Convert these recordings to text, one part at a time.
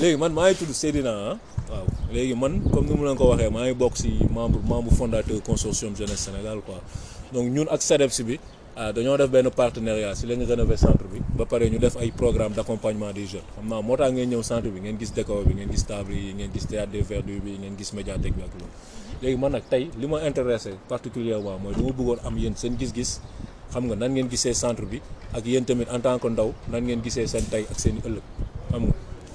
léegi man maa ngi tudd Seydina waaw léegi man comme ni mu leen ko waxee maa ngi bokk si membre membre fondateur consortium jeunesse Sénégal quoi donc ñun ak SEDEPS bi ah, dañoo def benn partenariat si la ñu rénover centre bi ba pare ñu def ay programme d' accompagnement des jeunes xam naa moo tax ngeen ñëw centre bi ngeen gis décor bi ngeen gis table gis théâtre de verdure bi ngeen gis médiathèque bi ak loolu léegi man nag tey li ma intéressé particulièrement mooy dama bëggoon am yéen seen gis-gis xam nga nan ngeen gisee centre bi ak yéen tamit en tant que ndaw nan ngeen gisee seen tey seen i ëllëg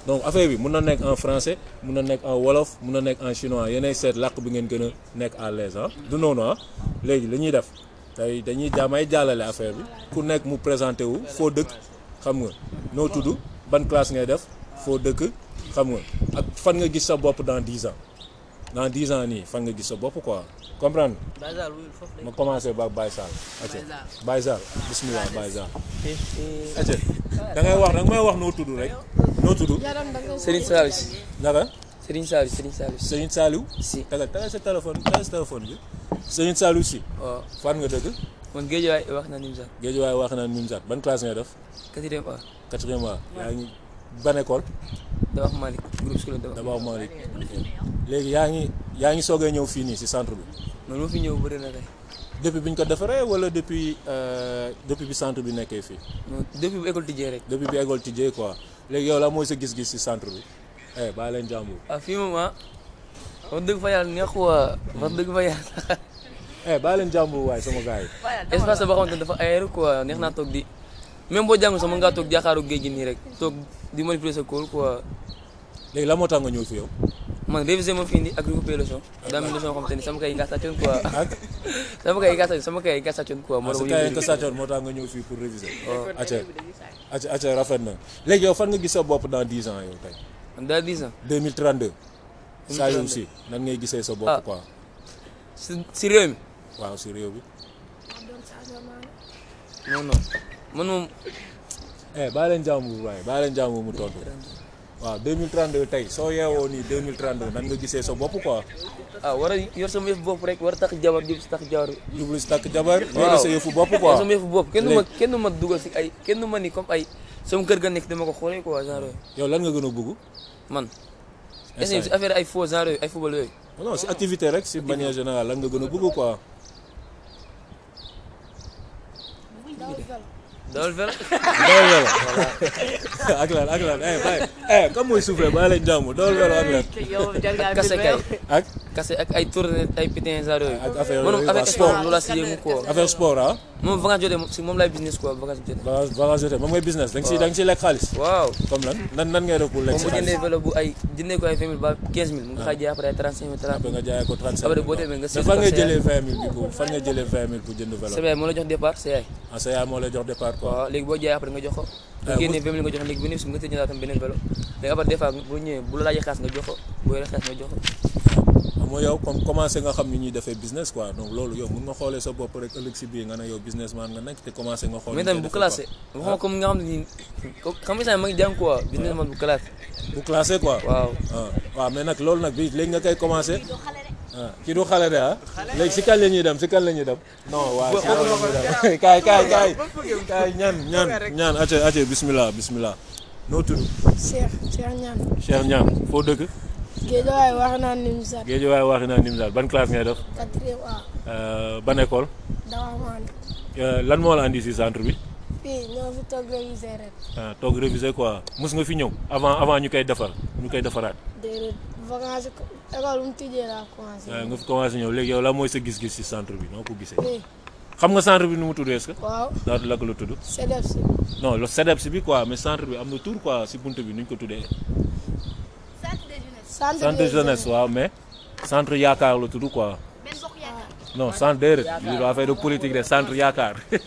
donc affaire bi mun na nekk en français mun na nekk en wolof mun na nekk en chinois yeneen seet làkk bi ngeen gëna nekk à l'aise ah du noonu ah léegi li ñuy def tey dañuy jaamay jàllale affaire bi ku nekk mu présenté wu foo dëkk xam nga noo tudd ban classe ngay def foo dëkk xam nga ak fan nga gis sa bopp dans dix ans dans dix ans nii fan nga gis sa bopp quoi comprendre ma commencé ba Baye Sall ac Baye Sall bismillah Baye Sall ac da ngay wax da nga wax noo tudd rek noo tudd Serigne Saliou si naka Serigne Saliou Serigne Saliou Serigne Saliou si tagal tagal sa téléphone tagal sa téléphone bi Serigne Saliou si waaw oh. fan nga dëkk man Guédiawaye wax na Nimzat Guédiawaye wax na Nimzat ban classe ngay def quatrième A quatrième A yaa ngi ban école. Dabax Malick groupe scolaire Dabax Malick léegi yaa ngi yaa ngi soogee ñëw fii nii si centre bi. man ma fi ñëw bëri na tey. depuis bi ñu ko defaree wala depuis euh, depuis bi centre bi nekkee fii. depuis bi école tijjee rek. depuis bi école tijjee quoi léegi yow mooy sa gis-gis si centre bi. Eh, baa leen jàmbur. ah fii moom ah. wax dëgg fa yàlla neex waa. Ah, wax dëgg fa yàlla. eh baa leen jàmbur waay sama gars yi. espace ba xamante dafa aéré quoi neex naa toog di. même boo jàngu sax mën ngaa toog jàkkaaru géej gi nii rek toog di manipuler sa cours quoi. léegi la moo tax nga ñëw fi yow. man réviser ma fi indi ak recoupé leçon daa mel leçon xam te ni sama kay yi nga sàccoon quoi sama kay yi nga sàccoon sama kay yi nga sàccoon quoi ah, moo tax nga ñëw fii pour réviser acca acca acca rafet na léegi yow fan nga gis sa bopp dans 10 ans yow tey dans 10 ans 2032 saa yow si nan ngay gisee sa bopp ah. quoi si réew mi waaw si réew bi ah, non non man moom. baa leen jàmm bu baax bàyyi leen jàmm mu tontu waaw 2032 tey soo yeewoo nii 2032 nan nga gisee sa bopp quoi. ah war yor sama yëfu bopp rek war a takk jabar jublu si takk jabar. jublu si takk jabar. waaw sa yëfu bopp quoi sama yëfu bopp kenn du ma dugal si ay kenn du ma ni comme ay sama kër ga nekk dama ko xoolee quoi genre. yow lan nga gën a bëgg. man. est si affaire ay faux ay football yooyu. si activité rek si manière générale lan nga gën a bëgg quoi. dawal vélo dawal vélo ak lan ak lan eh bàyyi eh comme muy lañ jàmm dawal ak lan. kase ak. kase ak ay tournée ay pitin genre yooyu. ak affaire yooyu sport ah? moom vacances jotee moom lay business quoi vacances jotee. moom mooy business. da si da xaalis. waaw comme lan nan nan ngay pour lekk si ay jëndee ko ay vingt mille ba quinze mille. mu ah. nga xaaj jaay après ay trente moo la jox départ waaw léegi boo jaayee après nga jox ko ah, nga génnee vingt mille nga jox léegi bénéfice léegi après des fois nga jox ko bu yore nga jox ko ah, xam ni ñuy defee business quoi loolu yow mun nga xoolee sa bopp rek ëllëg si biir nga ne yow businessman nga nekk te commencé nga xool mais tamit bu classé waxuma comme nga xam ne nii xam nga ma ngi jàng quoi businessman bu classé bu classé quoi waaw ah, waaw nag loolu nag bi léegi nga koy commencé kii du xale de ah. léegi si kal la ñuy dem si kal lañuy dem. non waaw si kan la ñuy dem kaay kaay kaay kaay ñaan ñaan ñaan acca bismillah bismillah noo tudd. Cheikh Cheikh Niane. Cheikh Niane foo dëkk. Géejawaay wax naan Nimzaat. ban classe ngay def. ban école. lan moo la andi si centre bi. fii ñoo fi toog réviser rek. ah nga fi ñëw avant avant ñu koy defar ñu koy defaraat. vacances école bu mu tijjee eh, nga fi commencé ñëw léegi yow la mooy sa gis-gis si centre bi noo ko gisee. xam nga centre bi nu mu tudd est-ce que. waaw la ko la tudd. CEDEPS bi. non le CEDEPS bi quoi mais centre bi am na tur quoi si bunt bi nu ñu ko tuddee. centre de jeunesse. waaw mais. centre yaakaar la tudd quoi. non centre déedéet affaire de politique de centre yaakaar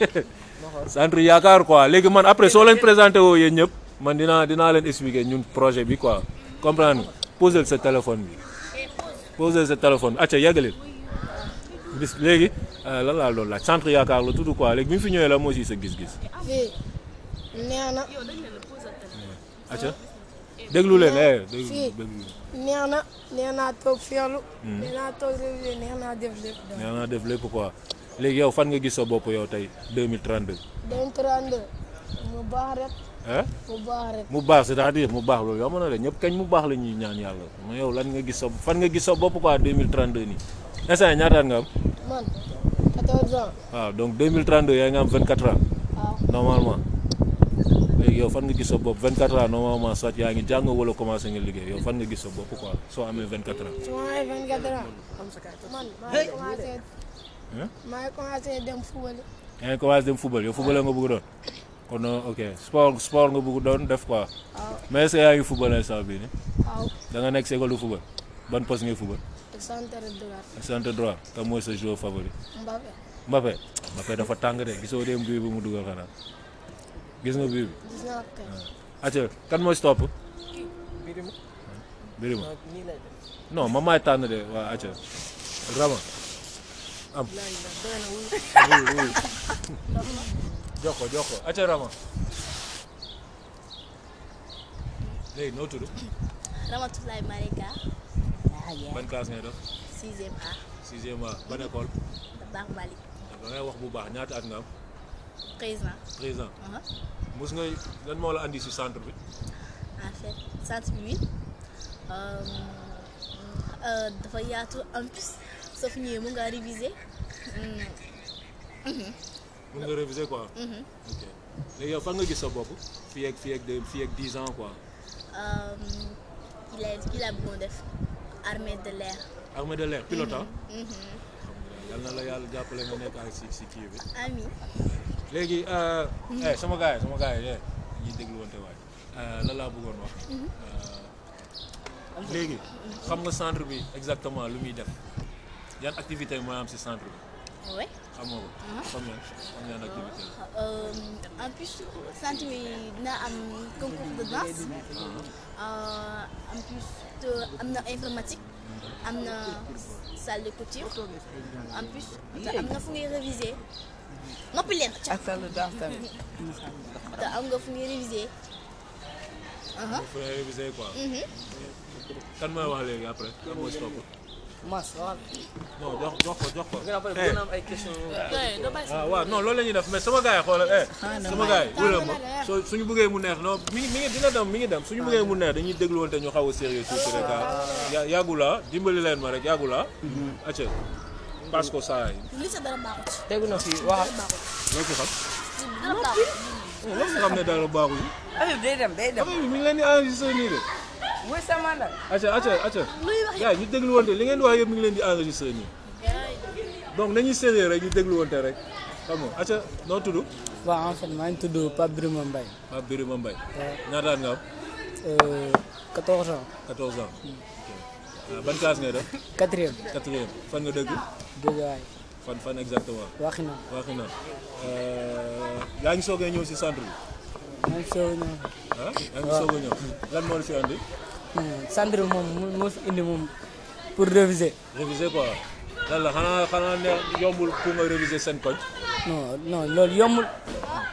centre yaakaar quoi léegi man après soo leen présenté woo yéen ñëpp man dinaa dinaa leen expliquer ñun projet bi quoi comprendre posel sa téléphone bi posel sa téléphone acca yeggali bis léegi euh, lan laa doon laaj centre yaakaar la tudd quoi léegi bi fi ñëwee la moo si sa gis-gis. fii eh, na. déglu leen eh déglu neex na toog feelu. neex naa toog hmm. révisé neex naa def lépp. léegi yow fan nga gis sa bopp yow tey 2032. 2032 mu baax rek. mu baax rek mu baax c'est-à-dire mu baax loolu yomb na ñëpp kañ mu baax la ñuy ñaan yàlla mais yow lan nga gis sa fan nga gis sa bopp quoi 2032 nii instant yii ñaata at nga am. man 14 ans. waaw ah, donc 2032 yaa nga am 24 ans. waaw ah. yow fan nga gis sa bopp 24 ans normalement yaa ngi jàng wala commencé nga liggéey yow fan nga gis sa bopp quoi soo amee 24 ans. su ma amee 24 ans. man maa ngi commencé. maa ngi dem football. yaa ngi commencé dem football yow football nga bëgg doon. oh non ok sport sport nga bëgg doon def quoi. Ah. mais est-ce ngi football instant bii nii. waaw ah. da nga nekk si école de football ban poste ngay football. centre droit. centre droit kan mooy sa joueur favori. Mbappé. Mbappé Mbappé dafa tàng de gisoo dem bii bi mu dugal xanaa gis nga bii bi. gis naa ko kay. Ah. kan mooy si jox ko jox ko acca Rama léegi noo tudd. Ramatoulaye Marika. ban classe ngay def. sixième A. sixième A ban mhm. école. baax Mbali. da wax bu baax ñaata at nga am. treize ans. treize ans. Mhm. ngay lan moo la andi si centre bi. en fait centre bi euh, euh, dafa yaatu en soo fi ñëwee mu nga réviser. Mm. Mhm. mun nga réviser quoi. Mm-hmm. ok léegi fan nga gis sa bopp fii ak fii ak fii ak dix ans quoi. kii um, lay kii laa bëggoon def armée de l'air. armée de l'air pilote mm-hmm. Mm-hmm. yal na la yàlla jàppale nga nekk si si kii bi. amiin. léegi. sama euh, gars eh, sama gars yi eh, ñuy déglu wante waay euh, lan laa bëggoon wax. Euh, léegi xam nga centre bi exactement lu muy def yan activité yi mooy am si centre bi. Ah oui xamoo ko. comme yan yan en plus sant bi dina am concours de danse. Ah, ah. Euh, en plus am na informatique. am na salle de couture. en plus am na fu ngay réviser. noppi leen. ak salle de danse tamit. am nga fu ngay réviser. fu ngay réviser quoi. Uh-huh. kan mooy wax léegi après. Mass waaw. non jox jox ko jox ko. gën a eh. am ay questions. Ah, waaw non loolu la ñuy def mais sama gars yi xoolal eh. ah, sama gars yi wóor mu neex non mi mi ngi dem suñu bëggee mu neex dañuy déglu woon te ñu xaw a sérieux tuuti rek ah. yàggu dimbali leen ma rek yàggu laa. Mm-hmm. acca ko saa yi. tegu na fii waaw. loo ci xam. xam ne dara baaxul. Habib day leen di enregistré nii de. muy sama nag. acca acca acca yaay ñu déglu wante li ngeen di wax yëpp mi ngi leen di enregistré nii. donc nañuy sérieux rek ñu déglu wante rek xam nga acca noo tudd. waaw en fait maa ngi tudd Pape Birima Mbaye. Pape Birima Mbaye. ñaata at nga am. 14 euh, ans. 14 ans. Ah, ban classe ngay def. quatrième. quatrième fan nga dégg Guédiawaye. fan fan exactement. Waxinaan Waxinaan. Euh, yaa ngi soogee ñëw si centre bi. Ah, yaa ngi soog ñëw. lan moo la fi andi. centre moom moo fi indi moom pour réviser. réviser quoi lan la xanaa xanaa ne yombul pour nga réviser seen koñ. non non loolu yombul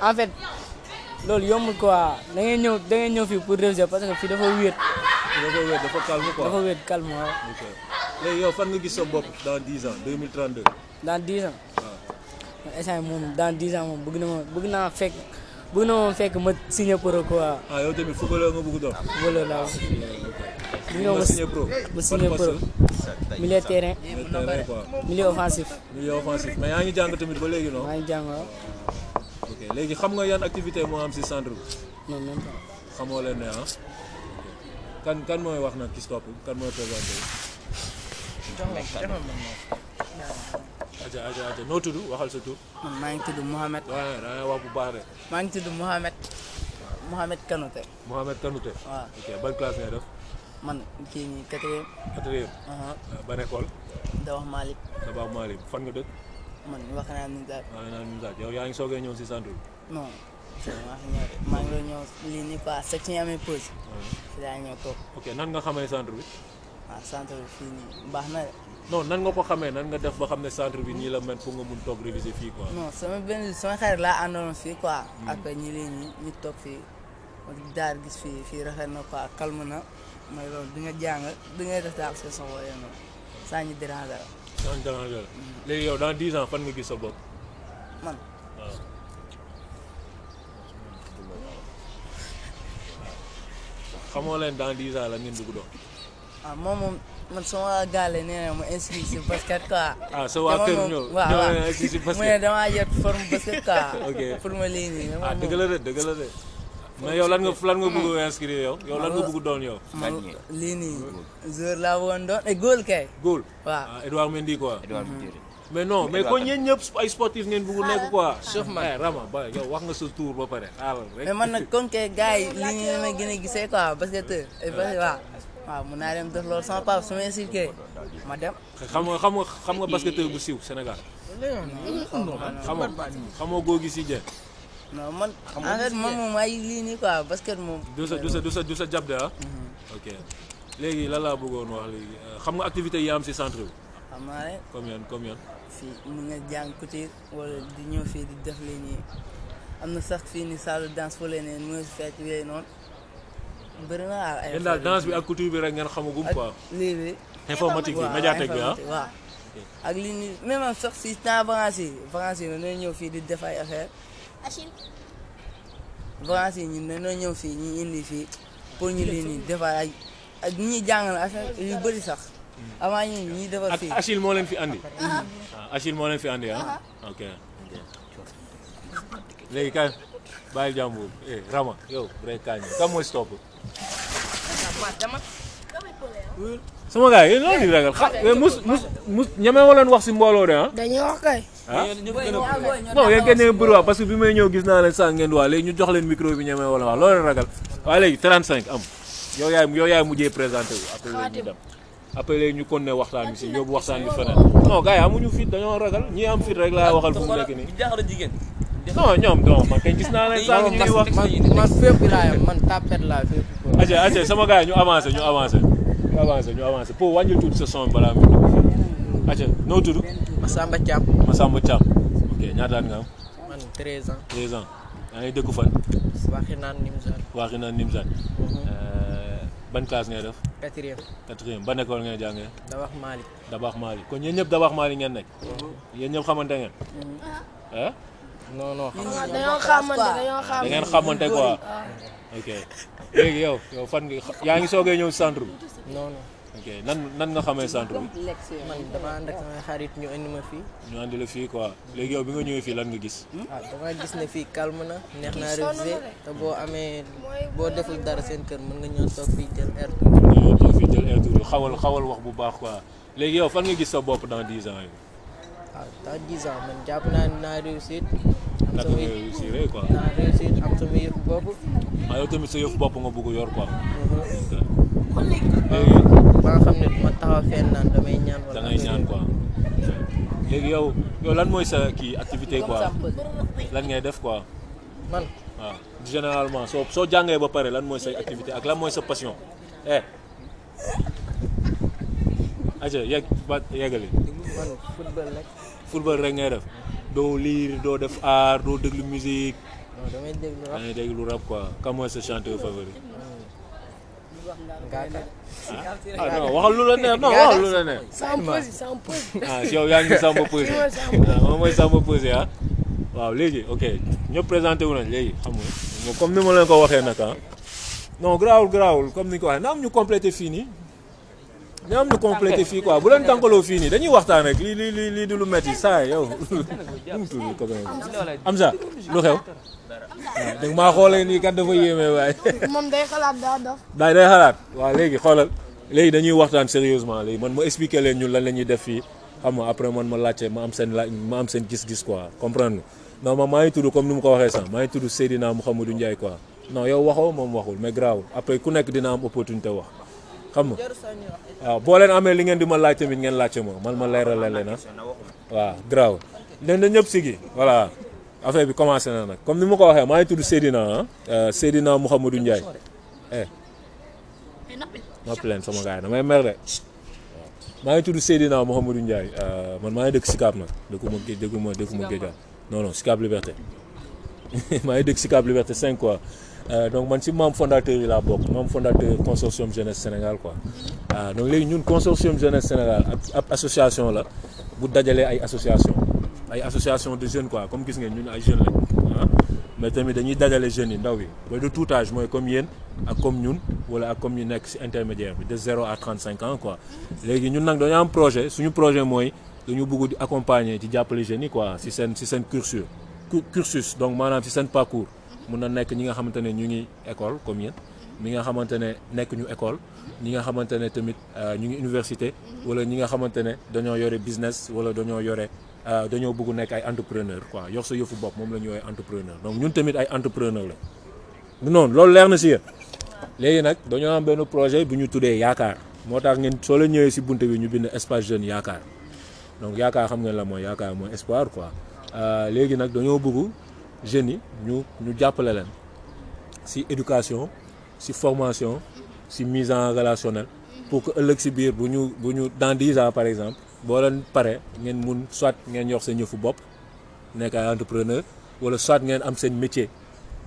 en fait loolu yombul quoi da ngay ñëw da ngay ñëw fii pour réviser parce fi fii dafa wéet. dafa wéet dafa calme quoi dafa wéet calme waaw. ok fan nga gis sa bopp dans 10 ans 2032. dans 10 ans. waaw. Ah. instant moom dans 10 ans moom bëgg na naa fekk. bu ne ma fekk ma signé pro quoi. ah yow tamit footballeur nga bëgg doon. footballeur laa waaw. ma signé pro ma signé pro. milieu terrain. milieu offensif. milieu yaa ngi jàng tamit ba léegi noonu. maa ngi jàng waaw. léegi xam nga yan activité moo am si centre bi. non leen ne ah. kan mooy wax nag ci stop kan mooy présenté. aja aja aja noo tudd waxal sa tur. man maa ngi tudd Mouhamed. waaw da ngay wax bu baax de. maa ngi tudd Mouhamed. Mouhamed Kanouté. Mouhamed Kanouté. waaw ok ban classe ngay fan nga dëkk. man wax naa ni daal. wax naa ni daal yow yaa ngi soogee ñëw si centre bi. non. maa ngi doon ñëw lii uh-huh. bi. waaw ah, centre bi fii nii baax na non nan nga ko xamee nan nga def ba xam ne centre bi nii la mel pour nga mun toog réviser fii quoi. non sama benn sama xarit laa àndoon fii quoi. Hmm. ak ñi leen ñi ñu toog fii daal gis fii fii rafet na quoi calme na mooy loolu di nga jàng di nga def daal seen soxla yooyu noonu saa ñu déranger la. léegi yow dans dix ans fan nga gis sa bopp. man waaw. Ah. xamoo leen dans dix la ngeen dugg doon. ah moom moom. man sama waa gaale nee mu inscrit si basket quoi. ah sa waa kër ñëw ñoo inscrit mu ne damaa jot forme basket quoi. ok pour ma lii nii. ah dëgg la de dëgg la de. mais a inscrire yow. yow lan nga yow. man lii nii joueur laa bëggoon doon et goal kay. goal waaw ah, Edouard Mendy quoi. Edouard mhm. mais non mais kon ñeen ñëpp ay sportif ngeen bëgg nekk quoi. Ah, chef man eh Rama ba yow wax nga sa tour ba pare xaaral mais man nag comme que gars li ñu ma gën a gisee quoi basketteur. waaw waaw mën naa dem def loolu sama papa su ma inculqué ma dem. xam nga xam nga xam nga basketteur bu siiw Sénégal. xam nga xamoo góor gi si Dieng. non man en fait man moom ay lii nii quoi basket moom. du sa du sa du sa du sa jab de ah. Mhm. ok léegi lan laa bëggoon wax léegi euh, xam nga activité yi am si centre bi. xam naa rek comme yan comme yan. fii mun nga jàng couture wala di ñëw fii di def lii nii am na sax fii nii salle de danse fële ne mu ngi noonu. bëri na waaw ay. daal danse bi ak couture bi rek ngeen xamagum lii bi informatique bi médiathèque bi ah. waaw ak li ñu même sax si temps vacances yi vacances ñëw fii di def ay affaire vacances yi ñun dañoo ñëw ak ñi ñuy jàngal affaire yu bëri sax. avant ñun ñuy defar fii ak uh-huh. ah, Achille moo leen fi andi. ah uh-huh. eh, mooy stop. sama gars yi loolu di ragal xam mus mus mus ñeme wala wax si mbooloo de ah. dañuy wax kay. ah non yéen kenn bëri waa parce que bi may ñëw gis naa leen sànq ngeen waa léegi ñu jox leen micro bi ñeme wala wax loolu ragal waaye léegi 35 am yow yaay yow yaay mujjee présenté wu après léegi ñu dem après léegi ñu kon ne waxtaan bi si yóbbu waxtaan bi feneen non gars yi amuñu fit dañoo ragal ñi am fit rek laa waxal fu mu nekk nii. non ñoom non man kay gis naa leen sànq a ngi wax man man fépp laa yem man tapet laa fépp. aja aja sama gars ñu avancé ñu avancé ñu avancé ñu avancé pour wàññil sa son balaa muy dugg. nga am. man 13 ans. 13 ans yaa ngi dëkku fan. Waxinaan Nimzane. Waxinaan Nimzane. Mhm. Euh, ban classe ngay def. quatrième. quatrième ban école ngay jàngee. Dabax Mali. Dabax Mali kon yéen ñëpp Dabax Mali ngeen nekk. Mhm. yéen ñëpp xamante ngeen. Mhm. non non dañoo xamante dañoo xamante da ngeen xamante quoi. ok léegi yow yow fan nga yaa ngi soogee ñëw centre bi. nan nan nga xamee centre bi. man dama xarit ñu indi ma fii. ñu andi la fii quoi léegi yow bi nga ñëwee fii lan nga gis. Hmm? ah gis ne fii calme na neex naa révisé te boo amee boo deful dara seen kër mën nga ñëw toog fii jël air xawal xawal wax bu baax quoi léegi yow fan nga gis sa bopp dans dix ans yi. waaw dans jàpp naa ne naa réussir. am samay réussir quoi naa réussir yow tamit sa yëfu bopp nga bëgg yor quoi. ba nga xam ne ma taxaw fenn naan damay ñaan. wala léegi yow yow lan mooy sa kii activité quoi lan ngay def quoi. man généralement soo jàngee ba pare lan mooy say activité ak lan mooy sa passion. eh. aja yegg ba yeggali. football rek ngay def doo lire doo def art doo déglu musique. non damay déglu rap damay déglu rap quoi. kan mooy sa chanteur favori. Ngaaka. Ah, ah non waxal lu la neex non waxal lu la neex. ah yow yaa ngi Samba Peuzé ah, moom mooy Samba Peuzé ah. waaw léegi ok ñëpp présenté wu nañ léegi xam nga comme ni ma leen ko waxee nag ah. non garaawul garaawul comme ni ko waxee na am ñu complété fii nii. ñaam am lu complété fii quoi bu leen tànkaloo fii nii dañuy waxtaan rek lii lii lii lii du lu metti saa yow nu mu tudd ko am sa lu xew. waaw dégg maa xoolee nii kat dafa yéeme waaye. moom day xalaat daa dof. day day xalaat waaw léegi xoolal léegi dañuy waxtaan man ma expliquer leen ñun lan la ñuy def fii xam nga après man ma laajte ma am seen laaj ma gis-gis quoi comprendre nga non man maa ngi tudd comme ni mu ko waxee sànq maa ngi tudd Seydina Mouhamadou Ndiaye quoi non yow waxoo moom waxul mais grawul après ku nekk dina am opportunité wax. xam nga waaw boo leen amee li ngeen di ma laaj tamit ngeen laajte ma man ma leeral leen na ah. waaw graw leen na ñëpp si sigi voilà affaire bi commencé na nag comme ni ma ko waxee maa ngi tudd Seydina ah euh, Seydina Mouhamadou Ndiaye eh. leen sama gars yi damay mer de waaw maa ngi tudd Seydina Mouhamadou Ndiaye euh, man maa ngi dëkk Sicap nag dëkkuma dëkkuma dëkkuma Guédiawaye non Liberté maa ngi dëkk Sicap Liberté 5 quoi Euh, donc man si membre fondateur yi laa bokk membre fondateur consortium jeunesse Sénégal quoi waaw euh, donc léegi ñun consortium jeunesse Sénégal ab association la bu dajalee ay association ay association de jeunes quoi comme gis ngeen ñun ay jeunes la ah. mais tamit dañuy dajale jeunes yi ndaw yi ba de tout âge mooy comme yéen ak comme ñun wala ak comme ñu nekk si intermédiaire bi de zéro à trente cinq ans quoi léegi ñun nag dañu am projet suñu projet mooy dañu bëgg di accompagner ci jàppale jeunes yi quoi si seen si seen cursus cursus donc maanaam si seen parcours mun na nekk ñi nga xamante ne ñu ngi école comme yéen mi nga xamante ne nekk ñu école ñi nga xamante ne tamit euh, ñu ngi université wala ñi nga xamante ne dañoo yore business wala dañoo yore euh, dañoo bëgg nekk ay entrepreneur quoi yor sa yëfu bopp moom la ñu woowee entrepreneur donc ñun tamit ay entrepreneur la noonu loolu leer na si yéen léegi nag dañoo xam benn projet bu ñu tuddee yaakaar moo tax ngeen soo leen ñëwee si bunte bi ñu bind espace jeune yaakaar donc yaakaar xam ngeen la mooy yaakaar mooy espoir quoi euh, léegi nag dañoo bëgg jeunes yi ñu ñu jàppale leen si éducation si formation si mise en relationnel pour que ëllëg si biir bu ñu bu ñu dans dix par exemple boo leen pare ngeen mun soit ngeen yox seen yëfu bopp nekk ay entrepreneur walla soit ngeen am seen métier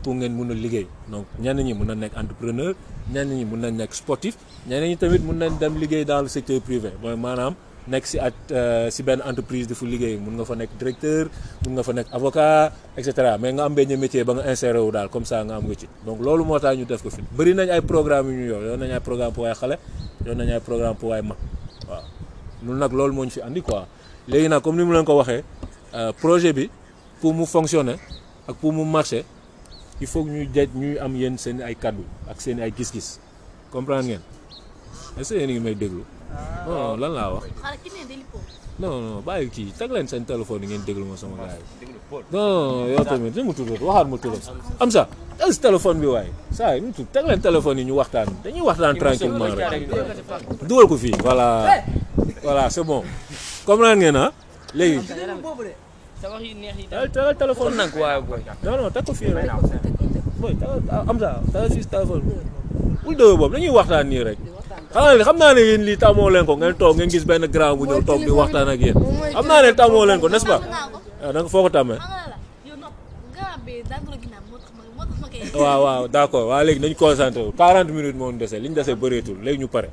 pour ngeen mun a liggéey donc ñenn ñi mun na nekk entrepreneur ñenn ñi mun nañ nekk sportif ñenn ñi tamit mun nañ dem liggéey dans le secteur privé maanaam. nekk si at euh, si benn entreprise di fu liggéey mun nga fa nekk directeur mun nga fa nekk avocat et cetera mais nga am benn métier ba nga inséré wu daal comme sa nga am wécci donc loolu moo tax ñu def ko fi bëri nañ ay programme yu ñu yor yor nañ ay programme pour ay xale yor nañ ay programme pour ay mag waaw ñun nag loolu moo ñu fi andi quoi léegi nag comme ni mu leen ko waxee euh, projet bi pour mu fonctionner ak pour mu marché il faut ñuy jaj ñuy am yéen seen ay kaddu ak seen ay gis-gis comprendre ngeen est-ce may déglu. lan laa wax. non non bàyyi kii teg leen seen téléphone yi ngeen déglu moo sama gars yi. non yow tamit ni mu tudd waxaat ma tudd am teg si téléphone bi waaye saa yi mu tudd teg leen téléphone yi ñu waxtaan dañuy waxtaan tranquillement rek dugal ko fii voilà voilà c'est bon comprendre ngeen ah léegi. tegal téléphone nag waaye teg ko fii rek booy tegal ah, am sa tegal fii téléphone dëgg boobu dañuy waxtaan nii rek. xanaa ne xam naa ne yéen lii tàmmoo leen ko ngeen toog ngeen gis benn grand bu ñëw toog di waxtaan ak yéen xam naa ne tàmmoo leen ko n'est-ce pas waaw da nga foo ko tàmmee waaw waaw d'accord waaw léegi nañ concentré wu 40 minutes moo ñu dese li ñu dese bëreetul léegi ñu pare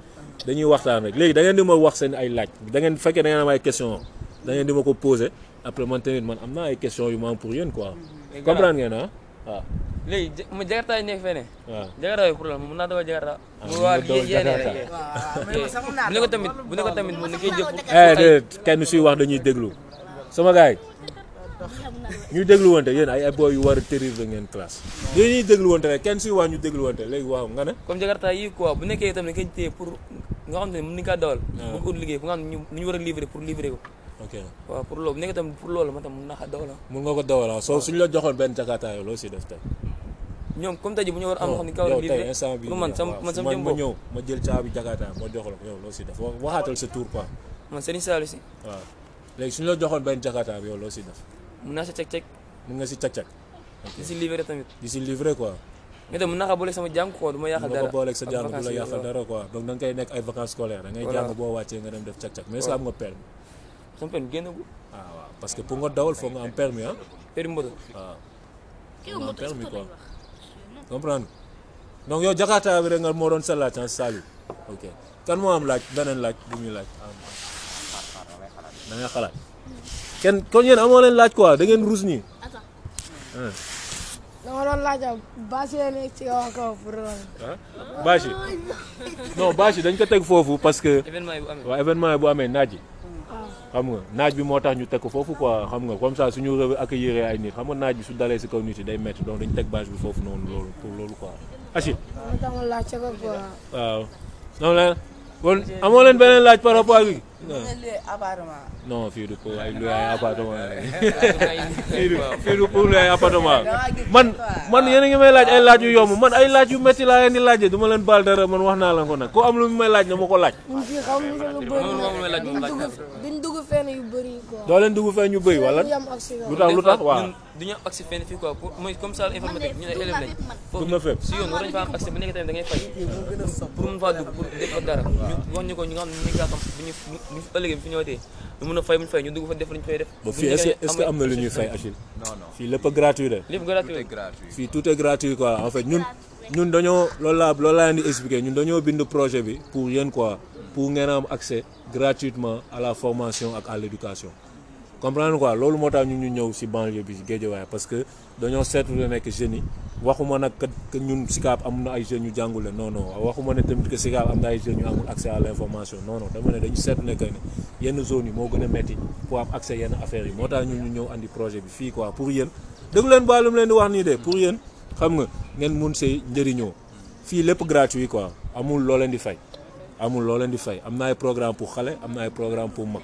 dañuy waxtaan rek léegi da ngeen di ma wax seen ay laaj da ngeen fekkee da am ay question da ngeen di ma ko posé après man tamit man am naa ay question yu ma am pour yéen quoi mm-hmm. comprendre ngeen ah waaw léegi mu jakarta yi nekk fene jakarta yi pour la mun naa dawal jakarta ah, mu waa e bu ne ko tamit bu ne ko tamit mu ne koy jëpp eh, eh, kenn suy wax dañuy déglu sama gars yi ñuy déglu wante yéen ay ay booy yu war a tërir la ngeen classe yéen wante rek kenn suy wax ñu déglu wante léegi waaw nga ne comme jakarta yi quoi bu nekkee tamit ne koy téye pour nga xam ne mën nañu kaa dawal ah. pour ut liggéey fu ñu war a livrer pour livrer ko ok waaw pour loolu nekk tamit pour loolu ma mun naa xaar daw la. mun nga ko dawal ah soo suñ la joxoon benn jakarta yow loo si def tey. bu ñu a am. xam ni kaw la tey ma ñëw ma jël caabi jakarta ma jox la yow loo si def waxaatal sa tour quoi. man Serigne Saliou si. waaw léegi suñ la joxoon benn jakarta bi yow loo si def. mun naa si cek-cek. mun nga si cek-cek. di si livré tamit. di si livré sama jàng quoi du ma dara. ko donc da nekk ay vacances scolaires da jàng boo wàccee nga dem def cek-cek mais est am nga permis sama permis génnagul. Ah, waaw waaw parce que pour nga dawal foog nga am permis ah. permis moto waaw. Ah. kéem moto permis quoi comprendre donc yow Jakarta bi rek nga moo doon sa laaj ah Saliou ok kan moo am laaj beneen laaj bu muy laaj. da ngay xalaat kenn kon yéen amoo leen laaj quoi da ngeen ruus nii. Ah. dama doon laaj am bâche yi nekk ci kaw kaw pour bâche yi oh non bâche yi dañ ko teg foofu parce que. événement yi bu amee waaw événement yi bu amee naaj yi. xam nga naaj bi moo tax ñu teg ko foofu quoi xam nga comme ça suñu rëb accueillir ay nit xam nga naaj bi su dalee si kaw nit yi day métti donc dañu teg bâche bi foofu noonu loolu pour loolu quoi. Achille waaw. non non leen beneen laaj par rapport ak non fii du pour ay ay appartement fii du pour lu ay man man yéen a ngi may laaj ay laaj yu yomb man ay laaj yu métti laa leen di laajee du leen baal dara man wax naa la ko nag koo am lu may laaj na ma ko laaj. duñ dugg fenn yu doo leen dugg fenn yu bëri wala. lu tax lu tax waaw. du ñu am accès fenn fii quoi pour mooy comme ça informatique ñu ne élève lañ. foofu si yoon war nañu fa am accès bu nekkee tamit da fay pour mun faa dugg pour dara. ñu wax ñu ko ñu nga xam ne ñu xam bu ñu def lu ñu fay def. bu fii est-ce que am na lu ñuy fay Achille. lépp gratuit de. fii tout est gratuit quoi en fait ñun. ñun dañoo loolu laa loolu laa leen di expliquer ñun dañoo bind projet bi pour yéen quoi pour ngeen am accès gratuitement à la formation ak à l'éducation comprendre quoi loolu moo tax ñun ñu ñëw si banlieue bi si Guédiawaye parce que dañoo seetlu ne nekk jeunes yi waxuma nag que ñun Sicap am na ay jeunes yu jàngul la non non ne tamit que Sicap am na ay jeunes yu amul yenn zones yi moo gën a metti pour am accès tax ñun ñu ñëw andi projet bi fii quoi pour yéen dëgg leen ba lu mu leen di wax nii de pour yéen xam nga ngeen mun see njëriñoo fii lépp gratuit quoi amul loo leen di fay amul loo leen di fay am na ay programme pour xale am na ay programme pour mag.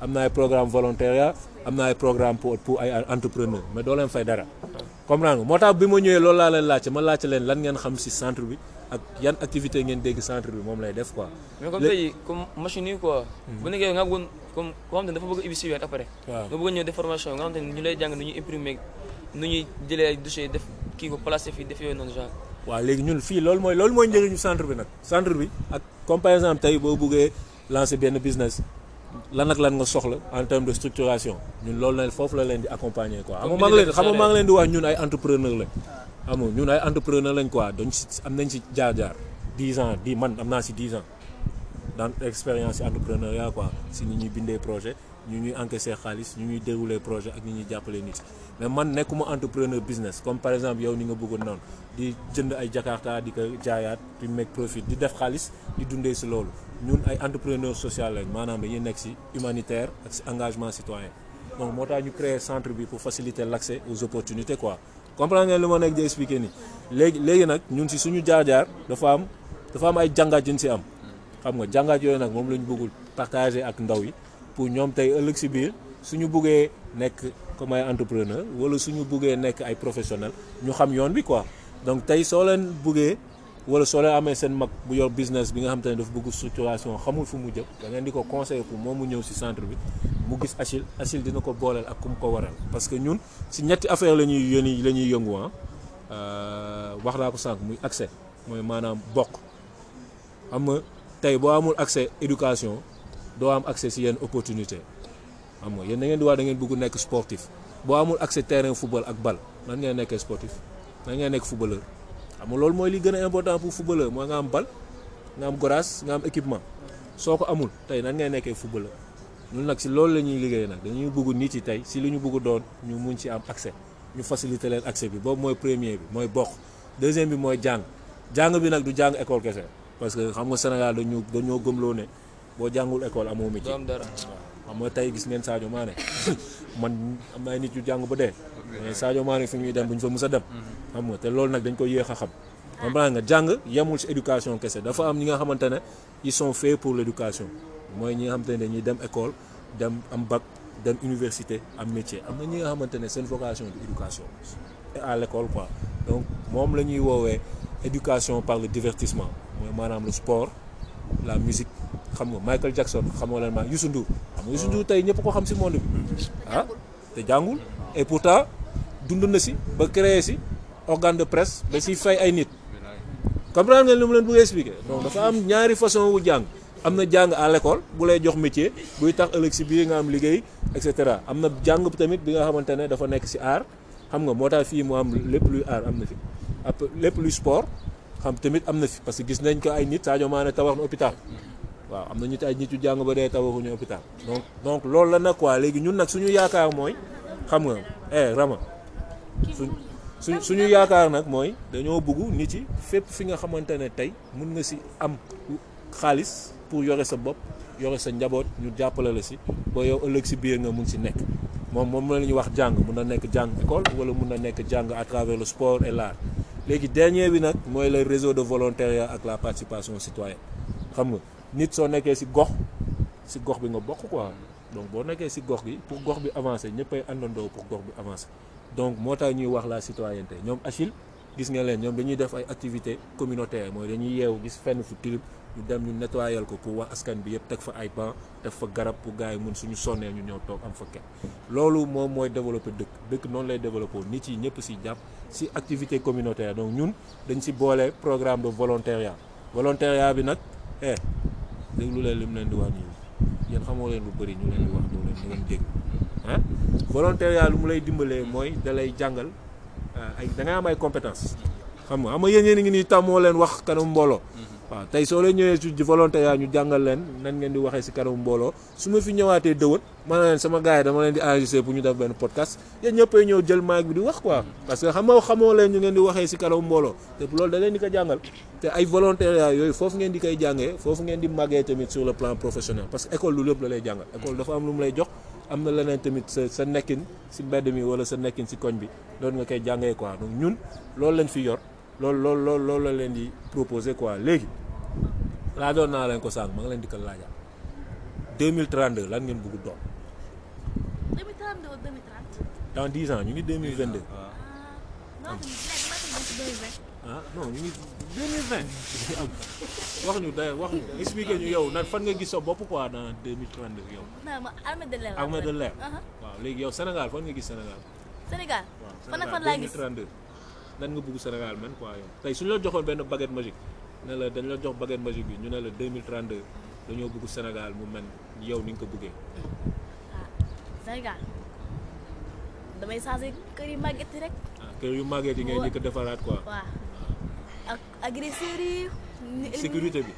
am na ay programme volontariat am na ay programme pour pour ay entrepreneur mais doo leen fay dara comprendre nga moo tax bi ma ñëwee loolu laa leen laajte ma laajte leen lan ngeen xam ci centre bi ak yan activité ngeen dégg centre bi moom lay def quoi. mais comme tey comme machine yi quoi. Hmm. bu nekkee nga bëggoon comme koo xam ne dafa bëgg a ibbi après. waaw nga bëgg ñëw def nga xam te ñu lay jàng nu ñuy imprimer nu ñuy jëlee ay dossier def kii ko placer fii def yooyu noonu ñun fii loolu mooy loolu mooy njëriñu centre bi nag centre bi ak comme par boo bëggee lancer benn business. lan nag lan nga soxla en terme de structuration ñun loolu la foofu la leen di accompagner quoi. xam nga maa xam nga maa ngi leen di wax ñun ay entrepreneur lañ. xam nga ñun ay entrepreneur lañ quoi dañ si am nañ si jaar jaar dix ans di man am naa si dix ans dans expérience entrepreneuriat koi si ni ñuy bindee projet. ñu ñuy encaisser xaalis ñu ñuy dérouler projet ak ñu ñuy jàppale nit mais man nekkuma entrepreneur business comme par exemple yow ni nga bëggoon noonu di jënd ay jakarta di ko jaayaat di make profit di def xaalis di dundee si loolu ñun ay entrepreneur social lañ maanaam dañuy nekk si humanitaire ak si engagement citoyen moom moo tax ñu créer centre bi pour faciliter l' accès aux opportunités quoi comprendre ngeen li ma nekk di expliquer nii léegi léegi nag ñun si suñu jaar-jaar dafa am dafa am ay jàngat yu ñu si am xam nga jàngat yooyu nag moom la ñu bëggul partager ak ndaw yi pour ñoom tey ëllëg si biir suñu buggee nekk comme ay entrepreneur wala suñu buggee nekk ay professionnel ñu xam yoon bi quoi donc tey soo leen buggee wala soo leen amee seen mag bu yor business bi nga xam te ne dafa bëgg structuration xamul fu mu jëm da ngeen di ko conseil pour moom mu ñëw si centre bi mu gis Achille Achille dina ko booleel ak ku mu ko waral parce que ñun si ñetti affaire la ñuy yëni la ñuy yëngu ah euh, wax naa ko sànq muy accès mooy maanaam bokk xam tey boo amul accès éducation doo am accès si yenn opportunité xam nga yéen da ngeen di wax da ngeen bëgg nekk sportif boo amul accès terrain football ak bal nan ngay nekkee sportif nan ngay nekk footballeur xam nga loolu mooy li gën a important pour footballeur mooy nga am bal nga am goraas nga am équipement soo ko amul tey nan ngay nekkee footballeur ñun nag si loolu la ñuy liggéey nag dañuy bugg nit yi tey si lu ñu bugg doon ñu mun ci am accès ñu faciliter leen accès bi boobu mooy premier bi mooy bokk deuxième bi mooy jàng jàng bi nag du jàng école kese parce que xam nga Sénégal dañu dañoo gëmloo ne boo jàngul école amoo métier. doom dara xam nga tey gis ngeen Sadio Mané man am na ay nit yu jàng ba dee. mais Sadio Mané fi ñuy dem bu ñu a dem. xam nga te loolu nag dañ koy yéex a xam. comprendre ne ils sont faits pour l' éducation ñi nga xamante ne dañuy dem école dem am bac dem université am métier am na ñi nga ne seen vocation du éducation à l' moom la woowee éducation par le divertissement mooy maanaam le sport. la musique xam nga Michael Jackson xam nga lan ma Youssou Ndour xam nga Youssou Ndour tey ñëpp ko xam si monde bi ah te jàngul et pourtant dund na si ba créé si organe de presse ba si fay ay nit comprendre ngeen li mu leen bëgg expliquer donc dafa am ñaari façon wu jàng am na jàng à l'école bu lay jox métier buy tax ëllëg si biir nga am liggéey et cetera am na jàng tamit bi nga xamante ne dafa nekk si aar xam nga moo tax fii mu am lépp luy aar am na fi lépp luy sport xam tamit am na fi parce que gis nañ ko ay nit Sadio Mané tabax na hôpital waaw am na ñu ay nit yu jàng ba dee tabaxuñu hôpital donc donc loolu la nag waa léegi ñun nag suñu yaakaar mooy xam nga eh Rama suñ suñ suñu yaakaar nag mooy dañoo bëgg nit yi fépp fi nga xamante ne tey mun nga si am xaalis pour yore sa bopp yore sa njaboot ñu jàppale la si ba yow ëllëg si biir nga mun si nekk moom moom la ñuy wax jàng mun na nekk jàng école wala mun na nekk jàng à travers le sport et léegi dernier bi nag mooy le réseau de volontariat ak la participation citoyenne xam nga nit soo nekkee ci gox ci gox bi nga bokk quoi donc boo nekkee ci gox gi pour gox bi avancer ñëppay àndandoo pour gox bi avancer donc moo tax ñuy wax la citoyenneté ñoom Achille gis nga leen ñoom dañuy def ay activité communautaire mooy dañuy yeewu gis fenn fu tilib ñu dem ñu nettoyal ko pour wax askan bi yëpp teg fa ay banc teg fa garab pour gars yi mun suñu sonnee ñu ñëw toog am fa kenn loolu moom mooy développé dëkk dëkk noonu lay développé nit yi ñëpp si jàpp si activité communautaire donc ñun dañu si boole programme de volontariat volontariat bi nag eh lu leen li mu leen di wax nii yéen xamoo leen lu bëri ñu ñu leen dégg ah volontariat mooy da lay jàngal. ay da ngay am ay compétence xam nga xam nga ngi nii tàmmoo leen wax kanamu mbooloo mhm. waaau tey soo leen ñëwee ci volonté yaa ñu jàngal leen nan ngeen di waxee si kanamu mbooloo su ma fi ñëwaatee dëwët man leen sama gars dama leen di enregistré pour ñu def benn podcast yéen ñëppay ñëw jël mic bi di wax quoi mhm. parce que xamoo leen ñu ngeen di waxee si kanamu mbooloo te loolu da leen ko jàngal te ay volonté yaa yooyu foofu ngeen di koy jàngee am na leneen tamit sa sa nekkin si mbedd mi wala sa nekkin si koñ bi loolu nga koy jàngee quoi donc ñun loolu lañ fi yor loolu lool loolu loolu la leen di proposer quoi léegi laajoon naa leen ko sànq ma nga leen di ko laajaat 2032 lan ngeen bëgg doon. 2032 wala ñu ngi 2022. waaw ah, ah non ñu 2020 wax ñu day wax ñu expliqué ñu yow nag fan nga gis sa bopp quoi dans 2032 yow. naa ma armée de l'air. armée de l'air uh-huh. waaw léegi yow Sénégal fan nga gis Sénégal. Sénégal fan ak fan laa gis nan nga bugg Sénégal man quoi yow tey suñu la joxoon benn baguette magique ne la dañ la jox baguette magique bi ñu ne la 2032 dañoo bugg Sénégal mu mel yow ni nga ko buggee. Ah, Sénégal damay changé kër yu màgget yi rek. ah kër yu màgget yi ngay njëkk defaraat quoi. ak agresseurs yi. sécurité bi.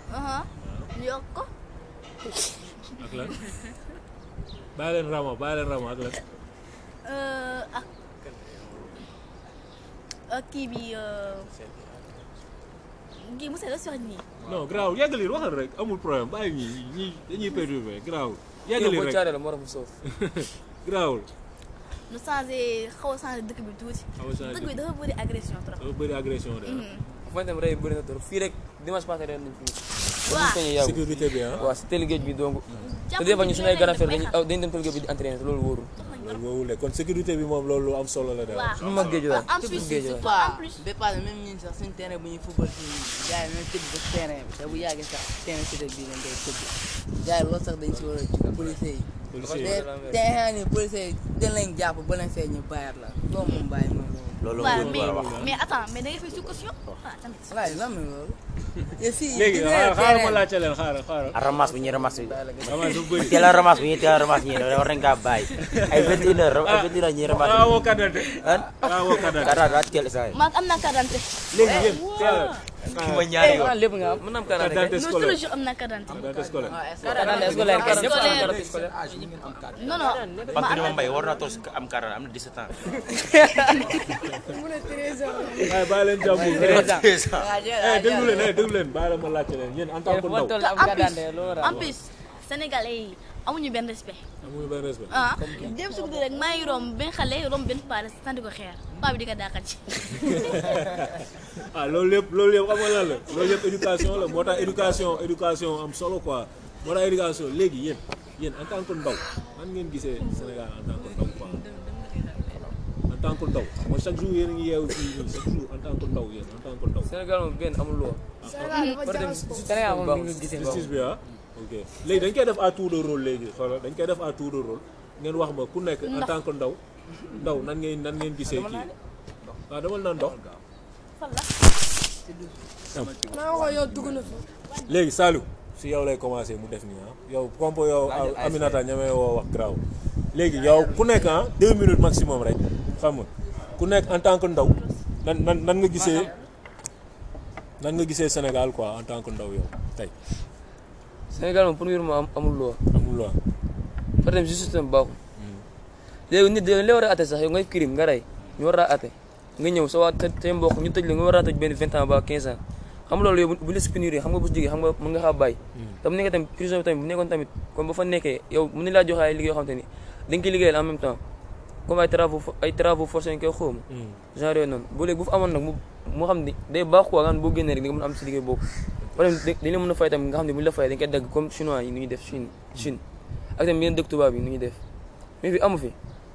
yokk ko. ak lan leen ramo bàyyi leen ramo ak lan. Euh, ak ak kii bi. ngi monsieur la soxna nii. non garaawul yàgg liir waxal rek amul problème bàyyi ñii ñii dañuy perturber garaawul. yàgg liir rek kii moromu soof. garaawul. nu changé xaw a changé dëkk bi tuuti. xaw a changé dëkk bi dafa bëri agression trop. dafa bëri agression fu may dem rey bëri na trop fii rek dimanche passé ren nañ fi waaw ñu yàgg sécurité bi ah. waaw si télé géej bi donc te des fois ñu suñu ay grand frère dañuy dañuy dem bi di entraîner loolu wóorul woowu la kon sécurité bi moom loolu am solo la. waaw ma géej la am suuf si quoi en plus. ba même ñun sax suñu terrain bu ñuy football fii gars yi nañ tëdd ba terrain bi te bu yàggee sax terrain si dëkk bii lañ koy tëdd gars yi loolu sax dañ si war a jóg policiers yi. policiers yi terrain yi policiers yi dañ leen jàpp ba leen fee ñu bàyyi la loolu moom bàyyi ma loolu la mais mais attends mais da nga fay caution ah tamit. waaye lan la loolu. léegi xaaral ma laajte leen xaaral xaaral. ramas bu ñuy ramas bi. teel a ramas bu ñuy teel a ramas ñii war nañ kaa bàyyi ay 21h ñuy remercié. waaw woo carte d'identité. man am naa carte d'identité. léegi yéen. ki ma ñaari yoon lépp nga am. mën na am carte d'identité scolaire am na carte d'identité scolaire. carte d'identité scolaire kay ñëpp am carte scolaire. non non. parce que Mbaye war naa toog si am carte am na 17 ans. mu ne 13 ans. waaye bàyyi leen jàmm. 13 ans déglu leen déglu leen bàyyi la ma laajte leen yéen en tant que ndaw. en plus Sénégalais yi. amuñu benn respect. amuñu benn respect. ah dem su guddi rek maa romb benn xale romb benn paa la xeer paa bi di ko dàqal ci. Ah, loolu lépp loolu yëpp xam nga la loolu yëpp éducation la moo tax éducation éducation am solo quoi moo tax éducation léegi yéen yéen en tant ndaw man ngeen gisee Sénégal en tant que ndaw quoi en ndaw mooy chaque jour yéen a ngi yeewu fii yéen chaque jour en tant ndaw yéen en tant ndaw. Sénégal moom benn amul loo. Ah, Sénégal moom benn amul loo. ok léegi dañ koy def à tour de rôle léegi xoolal dañ koy def à tour de rôle ngeen wax ma ku nekk en tant que ndaw ndaw nan ngeen nan ngeen gisee kii waaw ah, dama naan ndox léegi Saliou si yow lay commencé mu def nii ah yow compo yow léegi yow ku nekk ah deux minutes maximum rek xam nga ku nekk en tant que ndaw nan nan nan nga gisee nan nga gisee Sénégal quoi en tant ndaw yow tey Sénégal moom premièrement amul loi. amul loi. fa dem si système baaxul. Mm. léegi nit da leen a sax yow nga rey war a àtte nga ñëw sa waa te mbokk ñu tëj la nga war a tëj benn vingt ans ba quinze ans xam nga loolu yow bu la spinir xam nga bu jógee xam nga mën nga xaa bay mm. te bu nekkee prison bi tamit bu nekkoon tamit comme fa nekkee yow mën na laa joxe ay liggéey yoo xam te ni dañ koy liggéeyal en même temps comme ay travaux ay travaux forcés koy mm. genre yooyu noonu bu léegi amoon nag mu moo xam ne day baax quoi nga boo génnee rek di nga mën a am si liggéey boobu wala dañ la a fay tam nga xam ne bu ñu fay dagg comme chinois yi nu ñuy def Chine Chine ak tamit yeneen dëkk tubaab yi nu ñuy def mais fi amu fi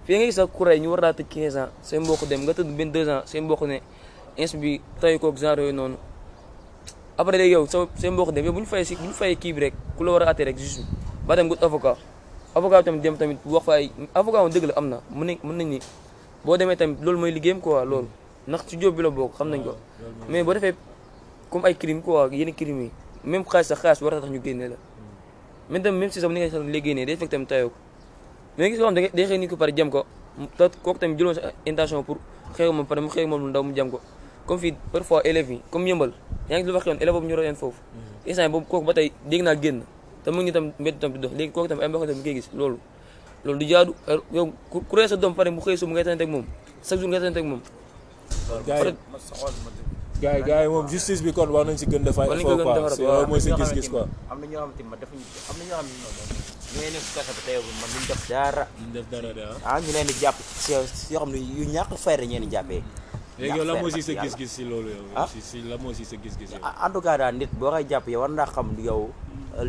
fii nga gis sax ñu war laa tëj 15 ans seen mbokk dem nga tëdd benn 2 ans seen mbokk ne ins bi tay koog genre yooyu noonu après léegi yow sa seen mbokk dem yow bu ñu fay si bu fay kii bi rek ku la war a rek juste ba dem gut avocat avocat bi dem tamit wax fa ay avocat moom am na mën nañ mën nañ ni boo demee tamit loolu mooy ko quoi lool ndax ci job bi la bokk xam nañ ko mais boo comme ay crime quoi yenn crime yi même xaalis sax xaalis war na tax ñu génne la mais tamit même si sax ni nga xam ne lay génnee day fekk tamit tayoo ko mais gis nga xam ne day xëy ni ko pare jam ko te kooku tamit jëloon sa intention pour xeex moom pare mu xeex moom lu ndaw mu jam ko comme fii parfois élèves yi comme yëmbal yaa ngi lu fa xewoon élève boobu ñu royoon foofu mm-hmm. instant boobu kooku ba tey dégg naa génn te mu ngi tam mbedd tam di dox léegi kooku tam ay mbokk tam koy gis loolu loolu du jaadu er, yow ku rey sa doom pare mu xëy su mu ngay tante ak moom chaque jour ngay tante ak moom gars yi gars yi moom justice bi kon war nañ si gën defar effort quoi am na ñoo xam ne ñu ngi nekk si def dara. duñ def dara ah. ah ñu leen di jàpp si yoo xam ne yu ñàkk fayra ñeen di jàppee. léegi yow la moo si sa gis ah si la moo si sa gis-gis yow. Ah, en daal nit boo koy jàpp yow war naa xam yow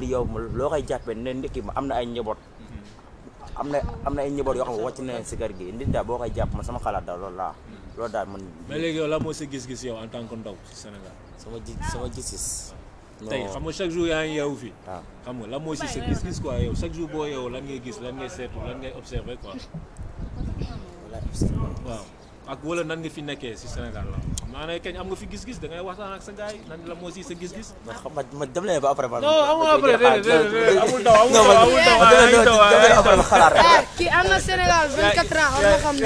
li yow loo koy jàppee ne nit ki am na ay njaboot. Mm-hmm. am na am na ay njaboot yoo xam ne wàcc na si kër gi nit daal boo koy jàpp ma sama xalaat daal laa loolu daal man. mais léegi yow la moo sa gis-gis yow en tant que ndaw ci Sénégal. sama gis sama gis-gis. tey xam nga chaque jour yaa ngi yeewu fii. waaw ah. xam nga la moo si sa gis-gis quoi yow chaque jour boo yeewu lan ngay gis lan ngay seetu lan ngay observer quoi. waaw. ak wala nan nga fi nekkee si senegal la maanaam kañ am nga fi gis-gis da ngay waxtaan ak sa gars yi nan la moo si sa gis-gis. man xam ma man dem ba après. non amul après déedéet amul daw amul daw amul daw eh, yaa ngi na Sénégal na xam ne.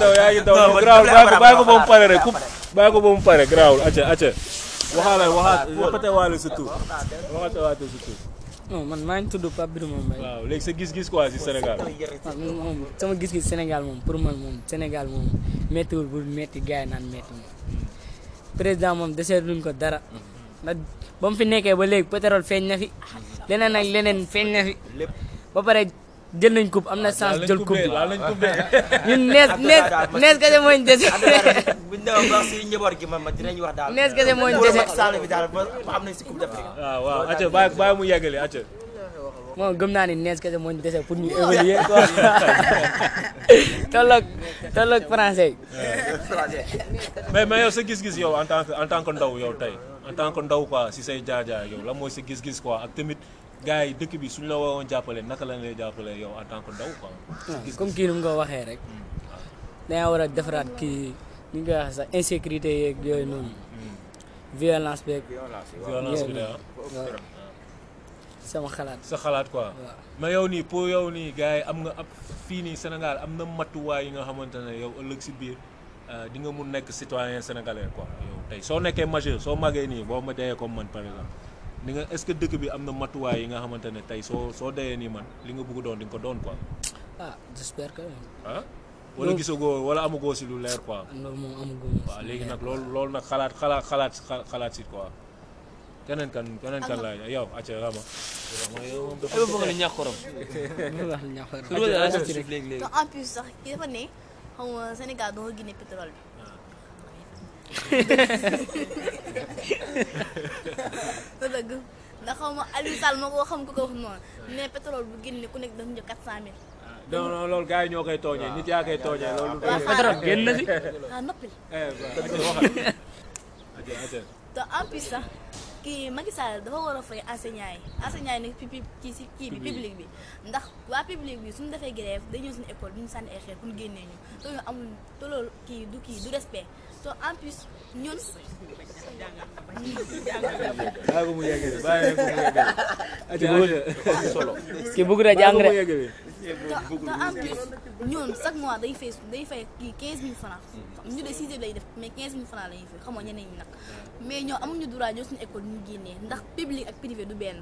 daw yaa ngi daw grave bàyyi ko ba mu pare rek bàyyi ko ba mu pare grave acca acca waxaale waxaat waxate waale non man maa ngi tudd Pape Birima Mbaye. waaw léegi sa gis-gis quoi si Sénégal. waaw ah, moom sama gis-gis Sénégal moom pour man moom Sénégal moom méttiwul bu métti gars yi naan métti moom. Hmm. président moom deseer luñ ko dara. ndax hmm. ba mu fi nekkee ba léegi pétrole feeñ na fi. Hmm. leneen ak leneen feeñ na fi. pare jël nañ coupe am na ah, chance jël coupe bi waaw ñun nees nees nees kese moo ñu dese. bu ñu demee wax gi man dinañ wax daal. nees kese moo ñu dese Macky Sall bi daal am nañ si coupe d'Afrique. Ah, waaw waaw acca bàyyi bàyyi mu yàggale gëm naa ni nees kese moo ñu pour ñu évoluer. tolloog tolloog français. Ah. mais mais yow sa gis-gis yow en tant que en tant que ndaw yow tey en tant que ndaw quoi si say jaar-jaar la mooy sa gis-gis quoi ak tamit. gars yi dëkk bi suñu la waroon jàppale naka lañ lay jàppale yow en tant que ndaw quoi. Ah, comme kii nu mu ko waxee rek. Hmm. dañaa war a defaraat kii ni nga ko waxee sax insécurité yooyu noonu. Hmm, hmm. violence beeg. violence bi ah. sama xalaat sa xalaat ko ma yow nii pour yow nii gars yi am nga ab fii nii Sénégal am na matuwaay yi nga xamante ne yow ëllëg si biir euh, di nga mun nekk citoyen sénégalais quoi yow soo nekkee majeur soo màggee nii boo ma dee comme man par exemple. ni nga est-ce que dëkk bi am na matuwaay yi nga xamante ne tey soo soo dayee nii man li nga bëgg doon di nga ko doon quoi. ah j'espère que. ah wala gisagoo wala amagoo si lu leer quoi. Ah, loolu moom amagoo léegi nag loolu loolu nag xalaat xalaat xalaat xalaat si quoi. keneen kan keneen kan laa yow acca rama yow bëgg na ñàkk xorom en plus sax ki dafa ne xam nga Sénégal doo Guinée pétrole bi ba dëgg ndax xaw ma Aliou Sall ma koo xam ko ko wax noonu mais pétrole bu génne ku nekk dañu jox 400000. non non loolu gars yi ñoo koy tooñee nit yaa koy tooñee loolu. waaw pétrole na si. ah eh, te en plus sax kii Macky Sall dafa war a fay enseignants yi enseignants yi nag ci kii si kii bi public bi ndax waa public bi suñu defee grève dañu ñëw école bi ñu sànni ay xeer pour génnee ñu te ñu amul te kii du kii du respect. te en plus ñun. bàyyi ko mu yeggee bàyyi ko mu yeggee solo ki bëgg na jàng rek te te en plus ñun chaque mois day fay day fay kii 15000 francs ñu de sixième lay def mais 15000 francs la ñuy fay xamoo ñeneen ñi nag mais ñoo amuñu droit ñoo suñu école ñu génnee ndax public ak privé du benn.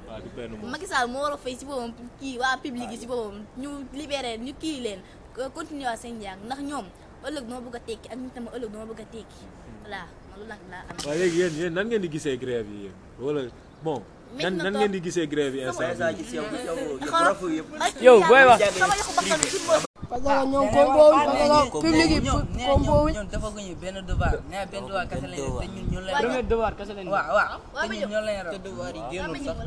Macky Sall moo war a fay si boppam kii waa public yi si boppam ñu libéré ñu kii leen continuer seen njàng ndax ñoom. ëllëg dama bëgg a tekki ak ñun tamit ëllëg dama bëgg a tekki voilà man loolu nag laa am. waaw léegi yéen yéen nan ngeen di gisee grève yi yéen wala bon. nan nan ngeen di gisee grève yi instant bii. yow booy wax. parce que ñoom combo wuñ parce que public yi combo wuñ. ñoom defaguñu benn devoir nee benn devoir kese lañ def te ñun ñoo leen. premier devoir kese lañ def waaw waaw te ñun ñoo leen raw. te devoir yi génnul sax.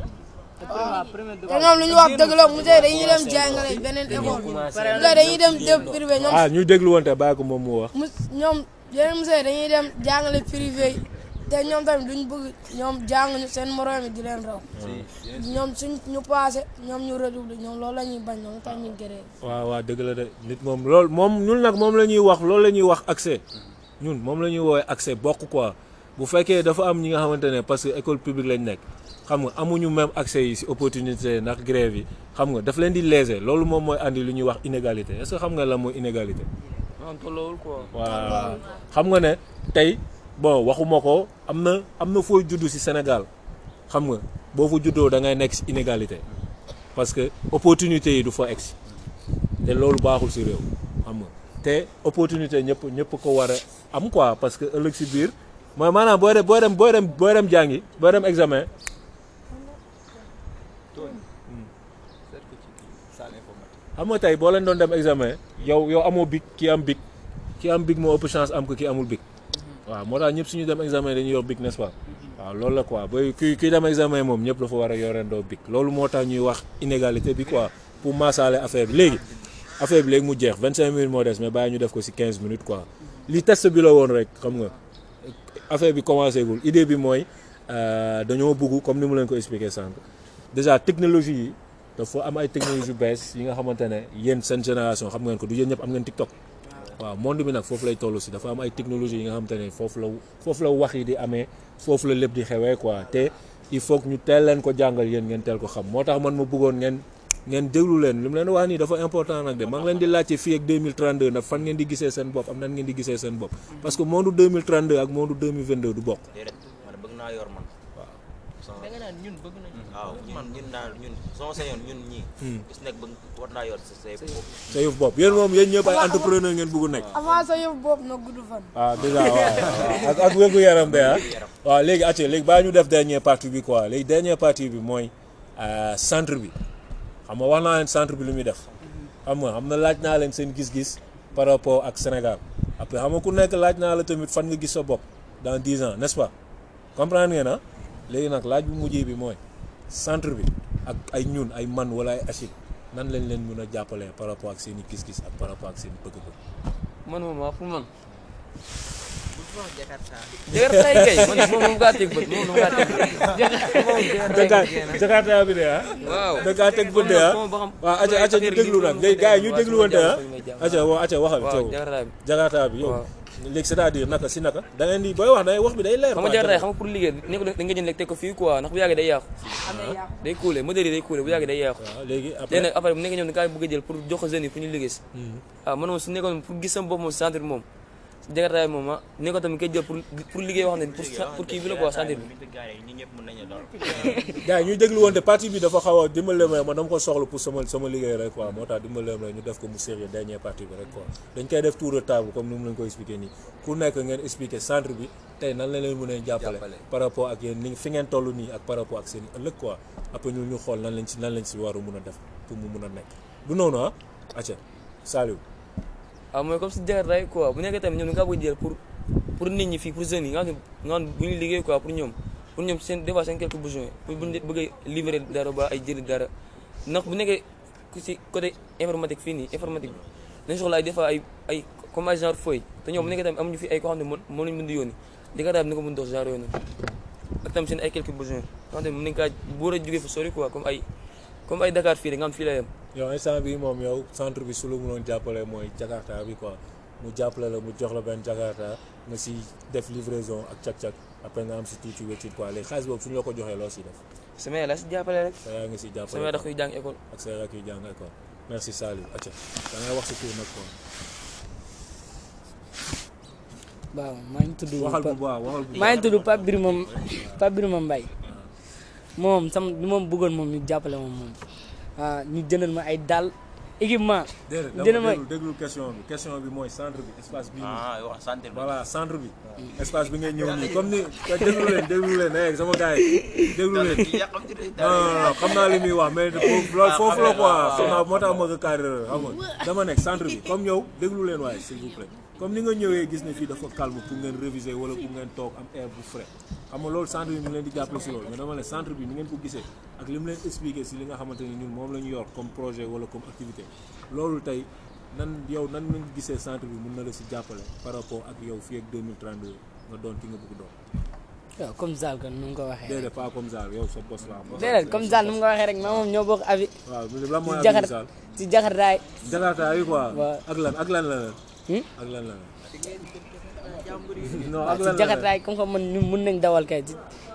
te ñoom lu ñu wax dëgg la musée dañuy dem jàngale beneen école musée dañuy dem dem privé ñoom. Ah, ñu déglu woon te bàyyi ko moom mu wax. ñoom yeneen musée dañuy dem jàngale privé te ñoom tamit ñu bëgg ñoom jànguñu seen moroom di leen raw. ñoom suñ ñu passé ñoom ñu redoublé ñoom loolu la ñuy bañ ñoom tamit ñu gëree. waaw waaw dëgg la de nit moom loolu moom ñun nag moom la ñuy wax loolu la ñuy wax accès ñun moom la ñuy woowee accès bokk quoi bu fekkee dafa am ñi nga xamante ne parce que école publique lañ nekk. xam nga amuñu même accès yi ci opportunité ndax grève yi xam nga daf leen di léser loolu moom mooy andi lu ñuy wax inégalité est-ce que xam nga la mooy inégalité. loolu quoi. waaw xam nga ne tey bon waxuma ko am na am na fooy juddu si Sénégal xam nga boo fa juddoo da ngay nekk si inégalité parce que opportunité yi du fa si te loolu baaxul ci réew xam nga te opportunité ñëpp ñëpp ko war a am quoi parce que ëllëg si biir mooy maanaam booy dem booy dem booy dem booy dem jàngi xam nga tey boo leen doon dem examen yow yow amoo bic ki am bic ki am bic moo ëpp chance am ko ki amul bic waaw moo tax ñëpp suñu dem examen dañuy yor bic n'est-ce pas waaw loolu la quoi ba ki ki dem examen moom ñëpp dafa war a yorendoo bic loolu moo tax ñuy wax inégalité bi quoi pour maasaale affaire bi léegi affaire bi léegi mu jeex 25 minutes moo des mais bàyyi ñu def ko si 15 minutes quoi li test bi la woon rek xam nga affaire bi commencé gul idée bi mooy euh, dañoo bëgg comme ni mu leen ko expliqué sànq déjà technologie yi. dafa am ay technologies yu bees yi nga xamante ne yéen seen génération xam ngeen ko du yéen ñëpp am ngeen TikTok waaw monde bi nag foofu lay toll si dafa am ay technologies yi nga xamante foofu la wax yi di amee foofu la lépp di xewee quoi te il faut ñu teel leen ko jàngal yéen teel ko xam moo tax man ma bëggoon ngeen ngeen déglu leen li mu leen wax nii dafa important nag de maa leen di laajte fii ak 2032 nag fan ngeen di gisee ngeen di gisee seen bopp waaw man ñun daal ñun soo seyoon ñun ñii. bis hmm. nekk ba war naa yor sa yëf bopp. sa yëf moom yéen ñëpp ay entrepreneur ngeen bëgg nekk. avant sa yëf bopp nag gudd fan. Ah, waaw ak ak wégu yaram bi ah. waaw léegi at léegi baa ñu def dernière partie bi quoi léegi dernière partie bi mooy euh, centre bi xam nga wax naa centre bi lu muy def. xam nga xam na laaj naa leen seen gis-gis par rapport ak Sénégal après xam nga ku nekk laaj naa la tamit fan nga gis sa bopp dans dix ans n'est-ce pas comprendre ngeen ah léegi nag laaj bu mujj bi mooy. centre bi ak ay ñun ay man wala ay achid nan lañ leen mën a jàppalee par rapport ak seeni i gis-gis ak par rapport ak seen bëgg-bëgg. man bi de ah. waaw da kaa teg bët de ah. waaw aca aca ñu déglu nag gars ñu dégluwante ah. aca waaw aca waxal. bi yow. léegi c'est-à-dire naka si naka da ngeen di booy wax day wax bi day leer. xam nga jar na xam liggéey ni ko da lekk teg ko fii quoi ndax bu yàggee day yàqu. day kuule modèle day kuule bu yàggee day yàqu. waaw léegi après léegi nag après bu nekkee ñoom da ngaa bëgg a jël pour jox ko si. waaw hmm. ah, man moom gis sama bopp moom centre moom jakartaay moom ah ni ko tamit kay jël pour liggéey wax na pour pour kii bi la quoi santé bi. gars yi ñuy déglu woon te partie bi dafa xaw a dimbali ma dama ko soxla pour sama sama liggéey rek quoi moo tax dimbali ma ñu def ko mu sérieux dernière partie bi rek quoi dañ koy def tour de table comme ni mu leen ko expliqué nii ku nekk ngeen expliqué centre bi tey nan la leen mën a jàppale par rapport ak yéen fi ngeen toll nii ak par rapport ak seen ëllëg quoi après ñun lañ si nan lañ si war a mun a def pour mu mun a nekk du noonu ah acca waaw ah, mooy comme si jagar day quoi bu nekkee tamit ñoom nga bëgg jël pour pour nit ñi fii pour jeunes yi nga xam ne nga bu ñu liggéey quoi pour ñoom pour ñoom seen des fois seen quelques pour bu ñu bëggee ñoom fi ay koo xam ne ni ko mën dox genre yooyu noonu a jógee fa sori quoi comme ay comme ay Dakar fii rek nga xam fii la yem yow instant bi moom yow centre bi su la mënoon jàppale mooy jakarta bi quoi mu jàppale la mu jox la benn jakarta nga si def livraison ak cag-cag après nga am si tuuti wéccit quoi léegi xaalis boobu suñu la ko joxee loo si def sama yaay la si jàppale rek sa yaay nga si jàppale sama rak yu sa rak yu merci Saliou acca da wax si tur nag quoi waaw maa ngi tudd waxal bu baax waxal bu baax moom sama li moom bëggoon moom ñu jàppale moom moom Ah, ñu jëndal ma ay dàll équipement. dina ma déglu question bi question bi mooy centre bi espace bi. ah waaw centre bi voilà centre bi. espace bi ngay ñëw nii comme ni déglu leen déglu eh, sama gars yi xam naa li muy wax mais foofu ah, la quoi xam naa moo tax ma ko carré xam dama nekk centre bi comme yow déglu leen waaye s'il vous plaît. comme ni nga ñëwee gis ne fii dafa calme pour ngeen réviser wala pour ngeen toog am air bu frais xam nga loolu centre bi mu leen di jàppale si ne centre bi ni ngeen ko gisee ak li mu leen expliqué si li nga xamante ñun moom la ñu comme projet wala comme activité loolu tey nan yow nan nga gisee centre bi mën na la si jàppale par rapport ak yow fii ak 2032 nga doon ki nga bëgg doon. waaw comme Zal kon nu ko waxee. déedéet pas comme Zal yow sa boss la. déedéet comme Zal nu mu ko waxee rek ma moom ñoo bokk avis. waaw lan mooy la Zal Hm? ak lan la. non ak lan la jakartaay comme que man ñun mën nañ dawal kay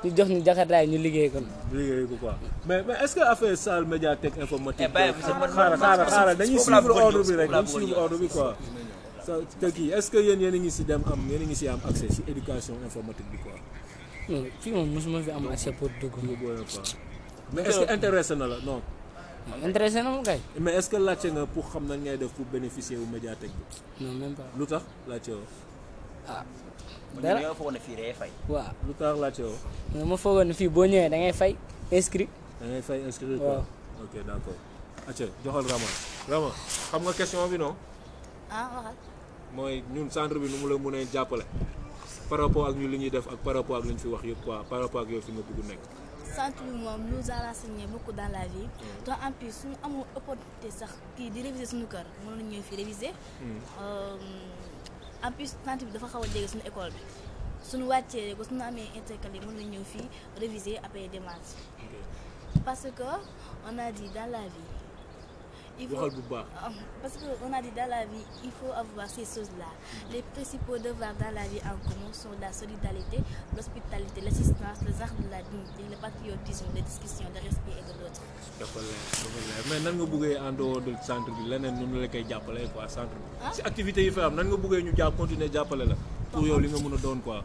ñu jox ñu jakartaay ñu liggéey ko. liggéey ko quoi mais mais est-ce que affaire salle médiathèque informatique. Eh xaaral est-ce que yéen yéen a ngi si dem am yéen a ngi si am accès si éducation informatique bi quoi. non moom mosuma fi am accès pour dugg. mais est-ce la non. intéressé na mu kay. mais est-ce que laajte nga pour xam nañ ngay def pour bénéficier wu médiathèque bi. lu tax laajte woo. ah. dara ñoo foogoon ne fii lu tax laajte woo. mais ma foogoon ne fii boo ñëwee da ngay fay inscrit. da ngay fay inscrit waaw ok d'accord. acca joxal Rama Rama xam nga question bi non. ah waxal. ñun centre bi nu mu la ay jàppale. par rapport ak ñu li ñuy def ak par rapport ak li ñu fi wax yëpp quoi par rapport ak yow fi nga bëgg nekk. centre bi moom nous a renseigné beaucoup dans la vie. te mm. en plus suñu amul opportunité sax kii di réviser suñu kër mënoon ñëw fi réviser. Mm. Euh, en plus centre bi dafa xaw a jege suñu école bi suñu wàccee ba suñu amee intercalé mën nañ ñëw fii réviser après démarche. parce que on a dans la vie. waxal bu baax parce que on a dit dans la vie il faut avoir ces choses-là hmm. les principaux devoirs dans la vie en commun sont la solidarité l'hospitalité l'assistance le zahd la dignité le patriotisme la discussion le respect et de l'autre dafa mais nan nga buggee en dehors de centre bi leneen nu nu la koy jàppale quoi centre bi ah? si activité yi fa am nan nga buggee ñu jàpp continuer jàppale la pour yow li nga mun a doon quoi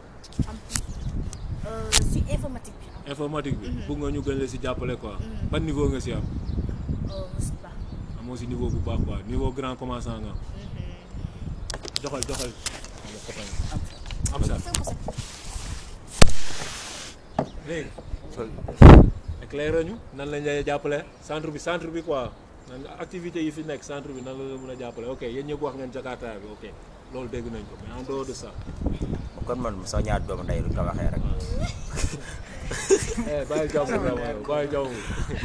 euh, si informatique bi informatique bi mm-hmm. ñu gën si jàppale quoi mm-hmm. ban niveau nga si moo si niveau bu baax quoi niveau grand commençant nga doxal mm-hmm. doxal am sa léegi éclaire ñu nan lañ lay jàppale centre bi centre bi quoi nan activité yi fi nekk centre bi nan la la a jàppale ok yéen ñëpp wax ngeen Jakarta bi ok loolu dégg nañ ko mais en dehors sax ça kon man sama ñaar doomu ndey lu tabaxee rek Eh, bàyyi jàmm bàyyi jàmm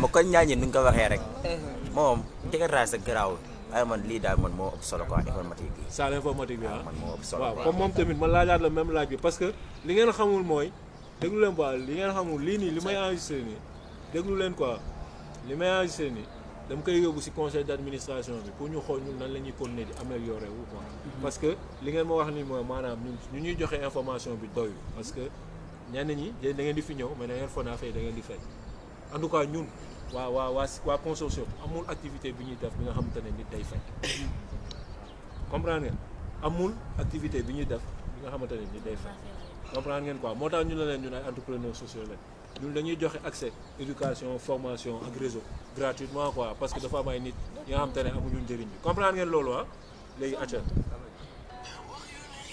ma kon ñaañi ni nga ko waxee rek uh-huh. moom dégarage ak garaaw ay man lii daal man moo ëpp solo ko informatique bi ça ah. ah, man moo ëpp moom tamit ma laajaat la même laaj bi parce que li ngeen xamul mooy déglu leen quoi li ngeen xamul lii nii li may enregistré nii déglu leen quoi li may enregistré nii dama koy yóbbu ci conseil d'administration bi pour ñu xool ñun nan la ñuy continuer di améliorer wu quoi mm-hmm. parce que li ngeen ma wax ni mooy maanaam ñun ñu ñuy joxe information bi doyul parce que ñenn ñi da ngeen di fi ñëw mais da ngeen foog naa fay da di fay en tout cas ñun waa waa waa waa consortium amul activité bi ñuy def bi nga xamante ne nit day fay comprendre ngeen amul activité bi ñuy def bi nga xamante ne nit day fay comprendre ngeen quoi moo tax ñu la leen ñun ay entrepreneurs sociaux leen ñun dañuy joxe accès éducation formation ak réseau gratuitement quoi parce que dafa amaay ay nit yi nga xamante ne amuñu njëriñ bi comprendre ngeen loolu ah léegi acca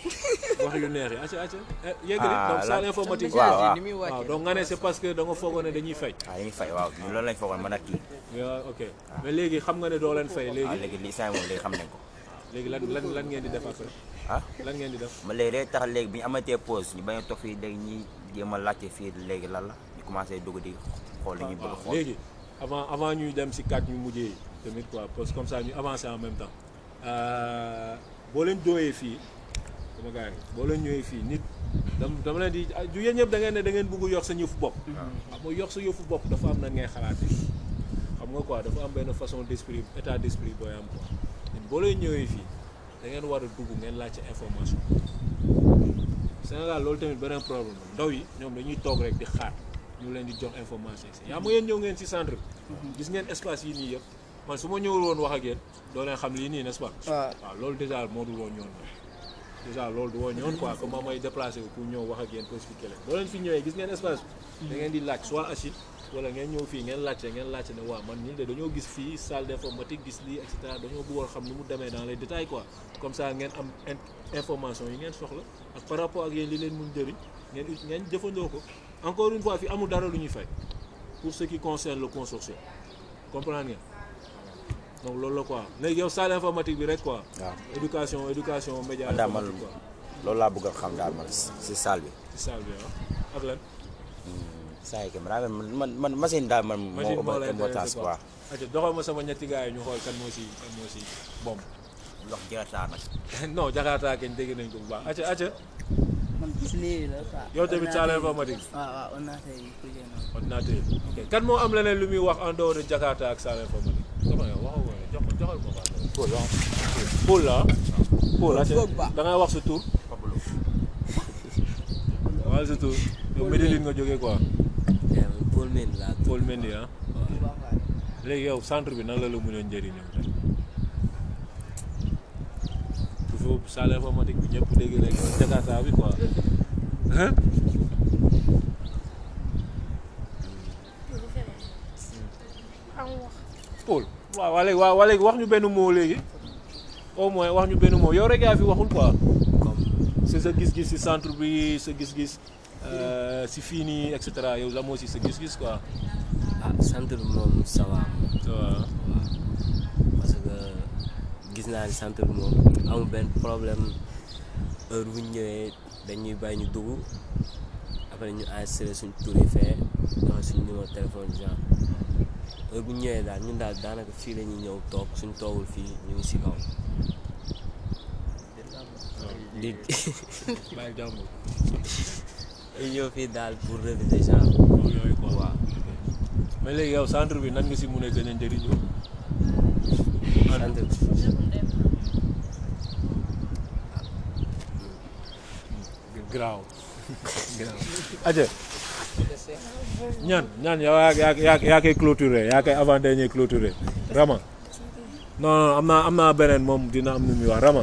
wax yu neex yi acca acca eh, yëgali ah, donc salle informatique waaw parce que da nga ah, dañuy fay waaw dañuy fay waaw loolu lañ foogoon mën a kii ah. mais léegi xam nga ne doo leen fay léegi léegi li saa moom léegi xam ne ko léegi lan lan lan ngeen di def après ah lan ngeen di def ma léegi day tax léegi bi ñu amatee pause ñu bañ a toog fii léegi ñuy jéem a laajte fii léegi lan la ñu commencé dugg di xool li ñuy xool léegi avant avant ñuy dem si quatre ñu mujjee tamit quoi parce que comme ça ñu avancer en même euh, boo leen dooyee fii sama gars yi boo leen ñëwee fii nit dam dama leen di ju ah, yéen ñëpp da ne da ngeen bëgg yox sa fu bopp waaw mm-hmm. ah, mooy yox sa yëfu bopp dafa am na ngay xalaate xam nga quoi dafa am benn façon d'esprit état d'esprit booy am quoi nit boo leen ñëwee fii da ngeen war a dugg ngeen laaj ci information Sénégal loolu tamit beneen problème ndaw yi ñoom dañuy toog rek di xaar ñu leen di jox information yi yaa ma yéen ñëw ngeen ci centre bi mm-hmm. gis ngeen espace yi nii yëpp man su ma ñëwul woon wax ak yéen doo leen xam lii nii n'est-ce pas ah. waaw loolu déjà moo dul woon déjà loolu du woon ñoon quoi que moom mooy déplacé wu ñëw wax ak yéen pour expliquer leen fi ñëwee gis ngeen espace bi di laaj soit Achille wala ngeen ñëw fii ngeen laajte ngeen laajte ne waaw man ñun de dañoo gis fii salle d'informatique gis lii et cetera dañoo bëggoon xam ni mu demee dans les détails quoi comme ça ngeen am information yi ngeen soxla ak par rapport ak yéen li leen mun jëriñ ngeen ut ngeen jëfandoo ko encore une fois fi amul dara lu ñuy fay pour ce qui concerne le consortium comprendre donc loolu la quoi léegi yow salle informatique bi rek quoi. waaw éducation éducation média. daal man loolu laa bëgg a xam daal man si salle bi. si salle bi waaw ah. ak lan. Hmm, man man machine daal man. machine moo lay intéressé quoi moo moo ma sama ñetti gars yi ñu xool kan moo si kan moo si bomb. ndox jakarta nag. non jakarta kenn dégg nañ ko bu baax acca acca. man tamit salle informatique. kan moo am leneen lu muy wax en dehors de jakarta ak salle informatique. Jokalante waxoo ko jox ko joxal Paul la Paul la da wax sa tur. waxal sa tur. nga jógee quoi. Paul Mendy laa. Paul Mendy léegi yow centre bi nan la la mënoon njëriñoo tey. toujours salle informatique bi ñëpp dégg nañ Jakarta bi quoi. hein. Paul. waaw waa léegi waaw léegi wax ñu benn mot léegi au moins wax ñu benn moo yow rek yaa fi waxul quoi comme sa gis-gis si centre bi sa gis-gis euh, si fii nii et yow la moo si sa gis-gis quoi. ah centre bi moom ça va. parce que gis naa ni centre bi moom amul benn problème heure bu ñu ñëwee dañuy bàyyi ñu dugg après ñu enregistré suñ tur yi fee suñ numéro téléphone genre. heure bu ñu ñëwee daal ñun daal daanaka fii la ñuy ñëw toog suñ toogul fii ñu ngi si kaw. dégg nga ñëw fii daal pour réviser genre. yooyu quoi waaw. mais léegi yow centre bi nan si mun a gën a njëriñoo. centre bi. Ah. Hmm. garaaw. garaaw. ñaan ñaan yaa yaa yaa koy clôturer yaa koy avant dernier clôturer Rama non am naa am naa beneen moom dina am lu muy wax Rama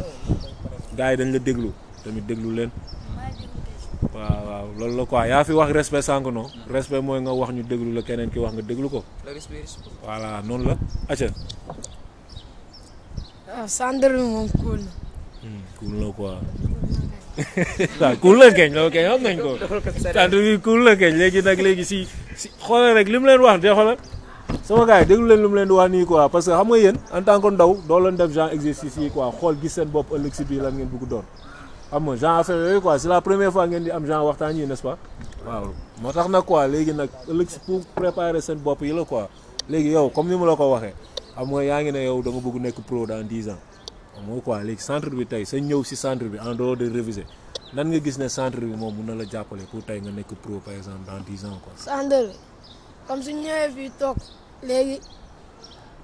gars yi dañ la déglu tamit déglu leen waaw waaw loolu la ko quoi yaa fi wax respect sànq non respect mooy nga wax ñu déglu la keneen ki wax nga déglu ko. voilà noonu la acca. waaw ah, sàndarma moom cool na. Hmm, cool na waaw cool la keñ loolu keñ xam nañ ko. tante bi cool la keñ léegi nag léegi si si xoolal rek li mu leen wax de xoolal sama gars déglu leen lu mu leen di wax nii quoi parce que xam nga yéen en tant ndaw doo leen def genre exercice yi quoi xool gis seen bopp ëllëg si biir lan ngeen bëgg doon. xam nga affaire yooyu quoi c'est la première fois ngeen di am genre waxtaan yi n'est-ce pas waaw moo tax nag quoi léegi nag ëllëg si pour préparer seen bopp yi la quoi léegi yow comme ni ma la ko waxee xam yaa ngi ne yow da nga bëgg nekk pro dans dix ans. mooy quoi léegi centre bi tey sa ñëw si centre bi en dehors de réviser nan nga gis ne centre bi moom mun na la jàppale pour tey nga nekk pro par exemple dans dix ans quoi. centre bi comme suñ ñëwee fii toog léegi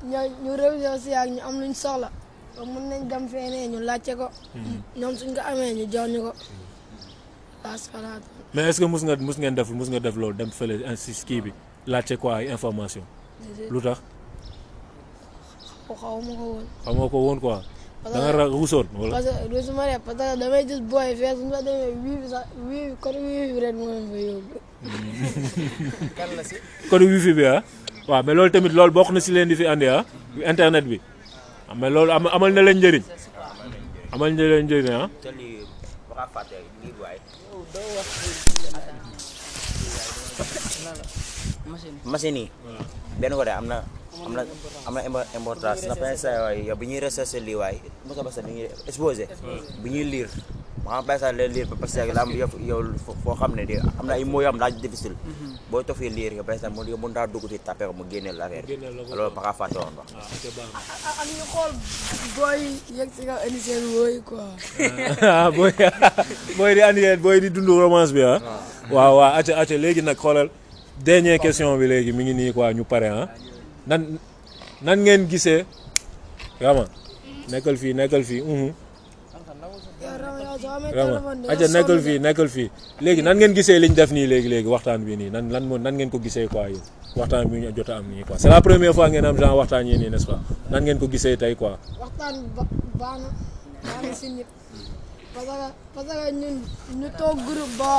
ñu ñu réviser aussi ak ñu am luñ soxla ba mun nañ dem feneen ñu laajte ko. Hmm. ñoom suñ ko amee ñu jox ñu ko. mais est-ce nga mus ngeen def mus nga def loolu dem fële kii bi laajte quoi ay information lu tax. xaw ma ko woon. xaw ma ko woon quoi. da nga ra wusoon wala. parce que rusuma de parce que ma demee wii bi sax bi code wii bi ren moo leen fa bi ah. waaw mais loolu tamit loolu bokk na si leen di fi andi ah. internet bi. Ah, mais loolu amal na leen njëriñ. amal na leen njëriñ ah. machine yi. benn côté am আমরা আমরা importance ndax benn saa waay yow bi ñuy recherché lii waay Moussa Bassène dañuy exposé. ñuy lire maanaam benn saa lay lire am yow foo xam ne de am na ay mots yoo xam daa difficile. Mm-hmm. boo toog fii lire yow benn saa mu mën daa dugg di andi ah, ah, romance bi ah. waaw waaw acca acca léegi nag xoolal dernière question bi léegi mi ngi nii quoi ñu pare ah. nan ngeen gisee rama nekkal fii nekkal fii rama aja nekkal fii nekkal fii léegi nan ngeen gisee liñ def nii léegi léegi waxtaan bi nii nan lan moo ngeen ko gisee ko yéen waxtaan bi ñu jot a am nii quoi c'est la première fois ngeen am genre waxtaan yi nii n'est-ce pas nan ngeen ko gisee tey quoi waxtaan baax na si ñëpp ñu toog groupe ba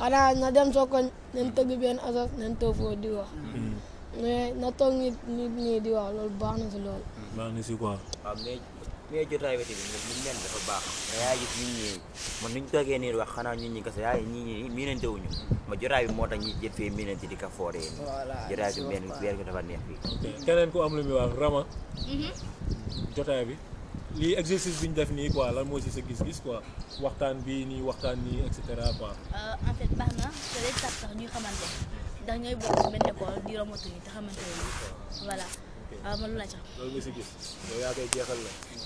xanaa na dem soo ko nañ tëgg benn asos nañ toog foofu di wax hmm. mais na toog nit nit di wax loolu baax na si loolu. baax na si quoi. waaw mais mais jotaay bi tamit mu mel dafa baax. mais yaa gis nit ni ñu toogee nii wax xanaa ñi kese yaa ngi nit ñi miinante wuñu ma jotaay moo tax ñi jël fee miinante di ka fooree. jotaay bi dafa neex fii. keneen ku lu muy wax rama. Mm-hmm. bi lii exercice bi ñu def nii quoi lan moo si sa gis-gis quoi waxtaan bi nii waxtaan nii et cetera ndax ñooy bokk benn école di romatuñu te xamante ah, nga si gis yow yaa koy jeexal acca ah,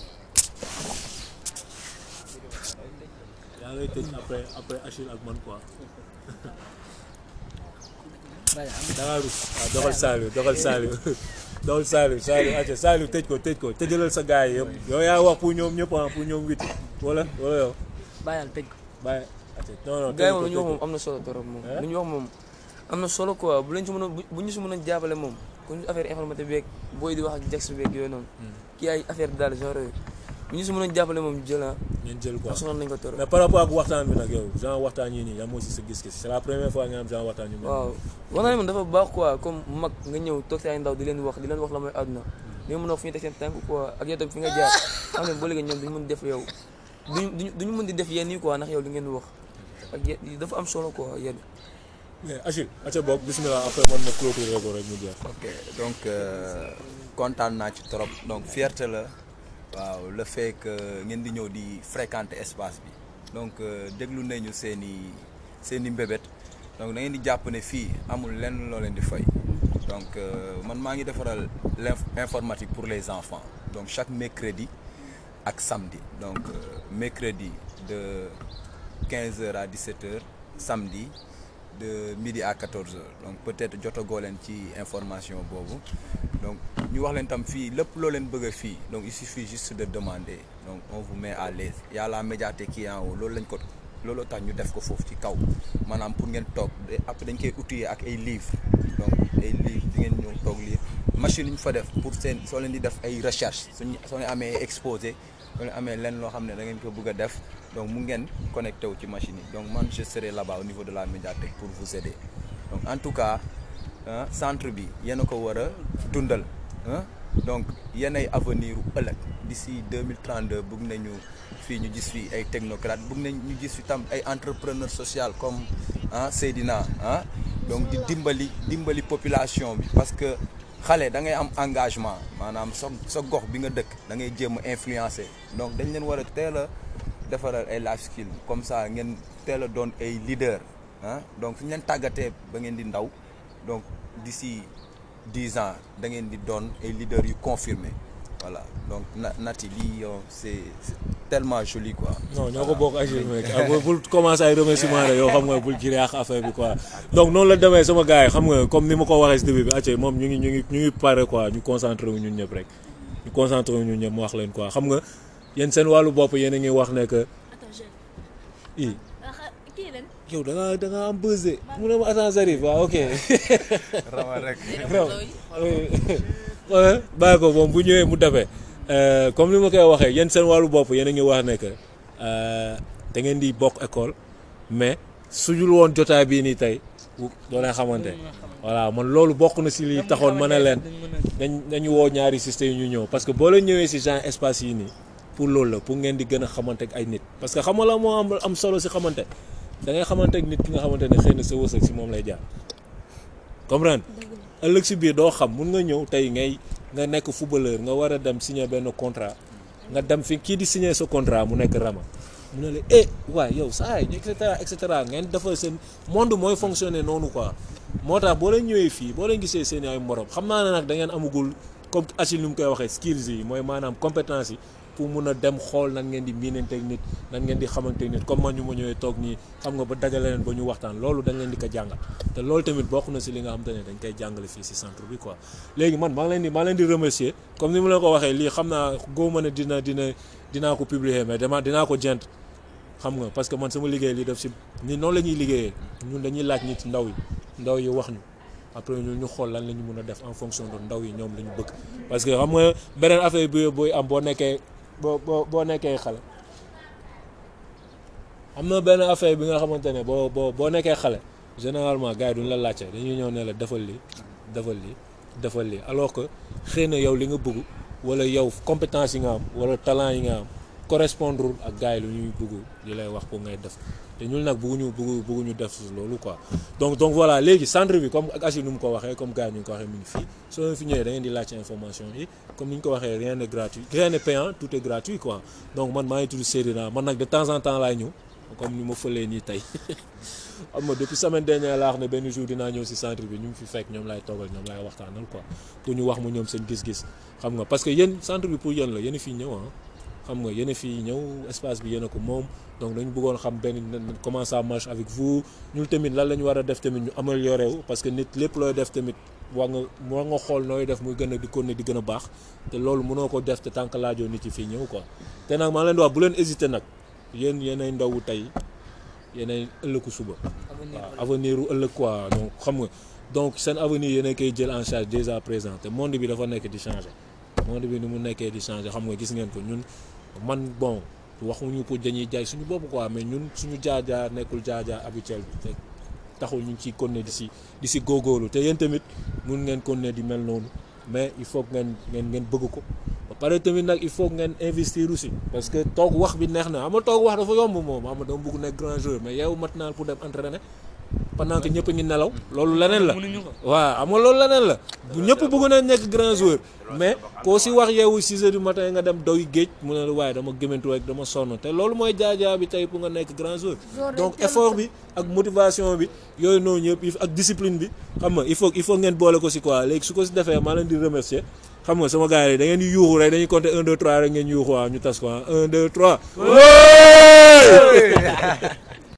Saliou tëj ko tëj ko tëjalal sa gars yi yaa wax pour ñoom ñëpp ah ñoom witti wala wala yow. bàyyal tëj ko bàyyi ko tëj ko gars yi moom ñu wax moom. am na solo quoi bu leen ci mënoon bu ñu si mënoon jàppale moom comme affaire informatique beeg noonu. Hmm. jàppale moom jël ah. jël quoi soxla bi nag yow genre waxtaan yi nii yaa moo si sa gis-gis c'est la première fois nga am genre moom dafa baax quoi comme mag nga ñëw toog si ay di leen wax di leen wax la mooy àdduna. li hmm. mën a wax fi ñu teg ak yow tam fi nga jaar mën di def yenn yi quoi ndax yow li ngeen wax dafa am solo quoi yenn mais Achille aca boog bismillah après man ma clôturer ko rek mu jeex ok donc euh, kontaan naa ci trop donc fierté la waaw le fait que ngeen di ñëw di fréquenter espace bi donc euh, déglu nañu seeni seen i mbébét donc da ngeen di jàpp ne fii amul lenn loo leen di fay donc euh, man maa ngi defaral l'informatique pour les enfants donc chaque mercredi ak samedi donc mercredi de 15 à 17 heures samedi de midi à 14 heures donc peut-être jotagoo leen ci information boobu donc ñu wax leen tam fii lépp loo leen bëgg fii donc il suffit juste de demander donc on vous met à les yàlla a la médiathèque loolu lañ ko looloo tax ñu def ko foofu ci kaw maanaam pour ngeen toog app dañ koy outiller ak ay livre donc ay livres di ngeen ñëw toog lire machine yi ñu fa def pour seen soo leen di def ay recherche suñu soo leen amee exposé soo leen amee leen loo xam ne da ngeen ko bëgg a def donc mu ngeen connecté wu ci machine yi donc man je serai là-bas au niveau de la médiathèque pour vous aider donc en tout cas centre bi yéen a ko war a dundal donc yenay avenir u ëllëg d'ici 2032 bëgg nañu fii ñu gis fii ay technocrate bëgg nañ ñu gis fi tam ay entrepreneur social comme ah dina ah donc di dimbali dimbali population bi parce que xale da ngay am engagement maanaam sa sa gox bi nga dëkk da ngay jéem a influencer donc dañ leen war a teel a defaral ay life skill comme ça ngeen teel a doon ay leader ah donc suñu tàggatee ba ngeen di ndaw donc d'ici dix ans da ngeen di doon ay leader yu confirmé voilà donc na lii yow c'est tellement joli ñoo ko bokk agir mec ah, bul commencer ay remerciements rek yow xam nga bul jëlee affaire bi quoi donc noonu la demee sama gars yi xam nga comme ni ma ko waxee si début bi acca moom ñu ngi ñu ngi ñu ngi pare quoi ñu concentré wu ñun ñëpp rek ñu concentré wu ñun mu wax leen quoi xam nga. yéen seen wàllu bopp yéen a ngi wax ne que. Ah, ah, da da nga ah, rek. raw ko moom bu ñëwee mu defee euh, comme ni ma koy waxee yéen seen wàllu bopp yéen a ngi wax ne que euh, da ngeen di bokk école mais sujul woon jotaay bii nii tey doo leen xamante voilà man loolu bokk na si li taxoon mën a leen dañ dañu woo ñaari système yu ñu ñëw parce que boo leen ñëwee si genre espace yi nii. pour loolu la pour ngeen di gën a xamante ak ay nit parce que xam nga la moo am am solo si xamante da ngay xamante ak nit ki nga xamante ne xëy na sa wërsëg si moom lay jaar comprendre ëllëg si biir doo xam mun nga ñëw tey ngay nga nekk footballeur nga war a dem signer benn contrat nga dem fi kii di signer sa contrat mu nekk rama mu ne la eh waaye yow saa yi et cetera et ngeen defal seen monde mooy fonctionner noonu quoi moo tax boo leen ñëwee fii boo leen gisee seen morom xam naa ne nag da amagul comme Achille ni mu koy waxee skills yi mooy maanaam compétence yi pour mun a dem xool nan ngeen di miinanteeg nit nan ngeen di xamanteeg nit comme man ñu ma ñëwee toog nii xam nga ba dajale leen ba ñu waxtaan loolu dañ leen di ko jàngal te loolu tamit bokk na si li nga man maa ngi leen di di remercier comme ni mu la ko waxee lii xam naa góob ma ne dina dina dinaa ko publier mais dama dinaa ko jent xam nga parce que man sama liggéey li def si noonu la liggéeyee ñun dañuy laaj nit ndaw yi ndaw yi wax ñu après ñu xool lan la ñu mën a def en fonction de ndaw yi ñoom la ñu bëgg parce que xam boo boo boo nekkee xale am na benn affaire bi nga xamante ne boo boo boo nekkee xale généralement gars yi duñ la laajte dañuy ñëw ne la defal lii defal lii defal lii alors que xëy na yow li nga bugg wala yow compétence yi nga am wala talent yi nga am correspondre ak gars yi lu ñuy bëgg li lay wax ko ngay def te ñun nag bëgguñu ñu bëgguñu def loolu quoi donc donc voilà léegi centre bi comme ak Achille nu mu ko waxee comme gars yi ñu ngi ko waxee mu ngi fii soo fi ñëwee da ngeen di laajte yi comme ñu waxee rien n'est gratuit rien n'est payant tout est gratuit quoi donc man maa ngi tudd Seydina man nag de temps en temps laay ñëw comme ni ma fëlee tey xam nga depuis semaine dernière laa si centre bi ñu ngi fi fekk ñoom laay toogal ñoom laay waxtaanal wax mu ñoom seen gis-gis xam nga parce que yéen centre bi pour yéen la yéen a fi xam nga yéen fii ñëw espace bi yéen a ko moom donc dañu bëggoon xam benn comment ça marche avec vous ñun tamit lan la ñu war a def tamit ñu amélioré wu parce que nit lépp looy def tamit war nga moo nga xool nooy def muy gën a di continuer di gën a baax te loolu munoo ko def te tànk laajoo nit yi fii ñëw ko te nag maa leen di wax bu leen hésité nag yéen yéenay ndawu tey yéenay ëllëgu suba waaw avenir u ëllëg quoi donc xam nga donc seen avenir yéen a koy jël en charge déjà présent monde bi dafa nekk di changer monde bi ni mu nekkee di changer xam nga gis ngeen ko ñun man bon waxuñu pour dañuy jaay suñu bopp ko amee ñun suñu jaajaar nekkul jaajaar habituel bi te taxul ñu ci ciy konne di si di si góogóorlu te yéen tamit mun ngeen konne di mel noonu mais il faut ngeen ngeen ngeen bëgg ko ba pare tamit nag il faut ngeen investir aussi parce que toog wax bi neex na xam nga toog wax dafa yomb moom xam nga dama bëgg nekk grand joueur mais yow mat naa pour dem entraîner pendant que ñëpp ngi nelaw mm. loolu leneen la waaw am nga loolu leneen la bu ñëpp bëgg na nekk grand joueur mais koo si wax yeewu 6 heures du matin nga dem doy géej mu ne waaye dama gëmantu rek dama sonn te loolu mooy jaar bi tey pour nga nekk grand joueur donc effort bi ak motivation bi yooyu noonu ñëpp ak discipline bi xam nga il faut il faut ngeen boole ko si quoi léegi su ko si defee maa leen di remercier xam nga sama gars yi da di yuuxu rek dañuy compter ñu tas quoi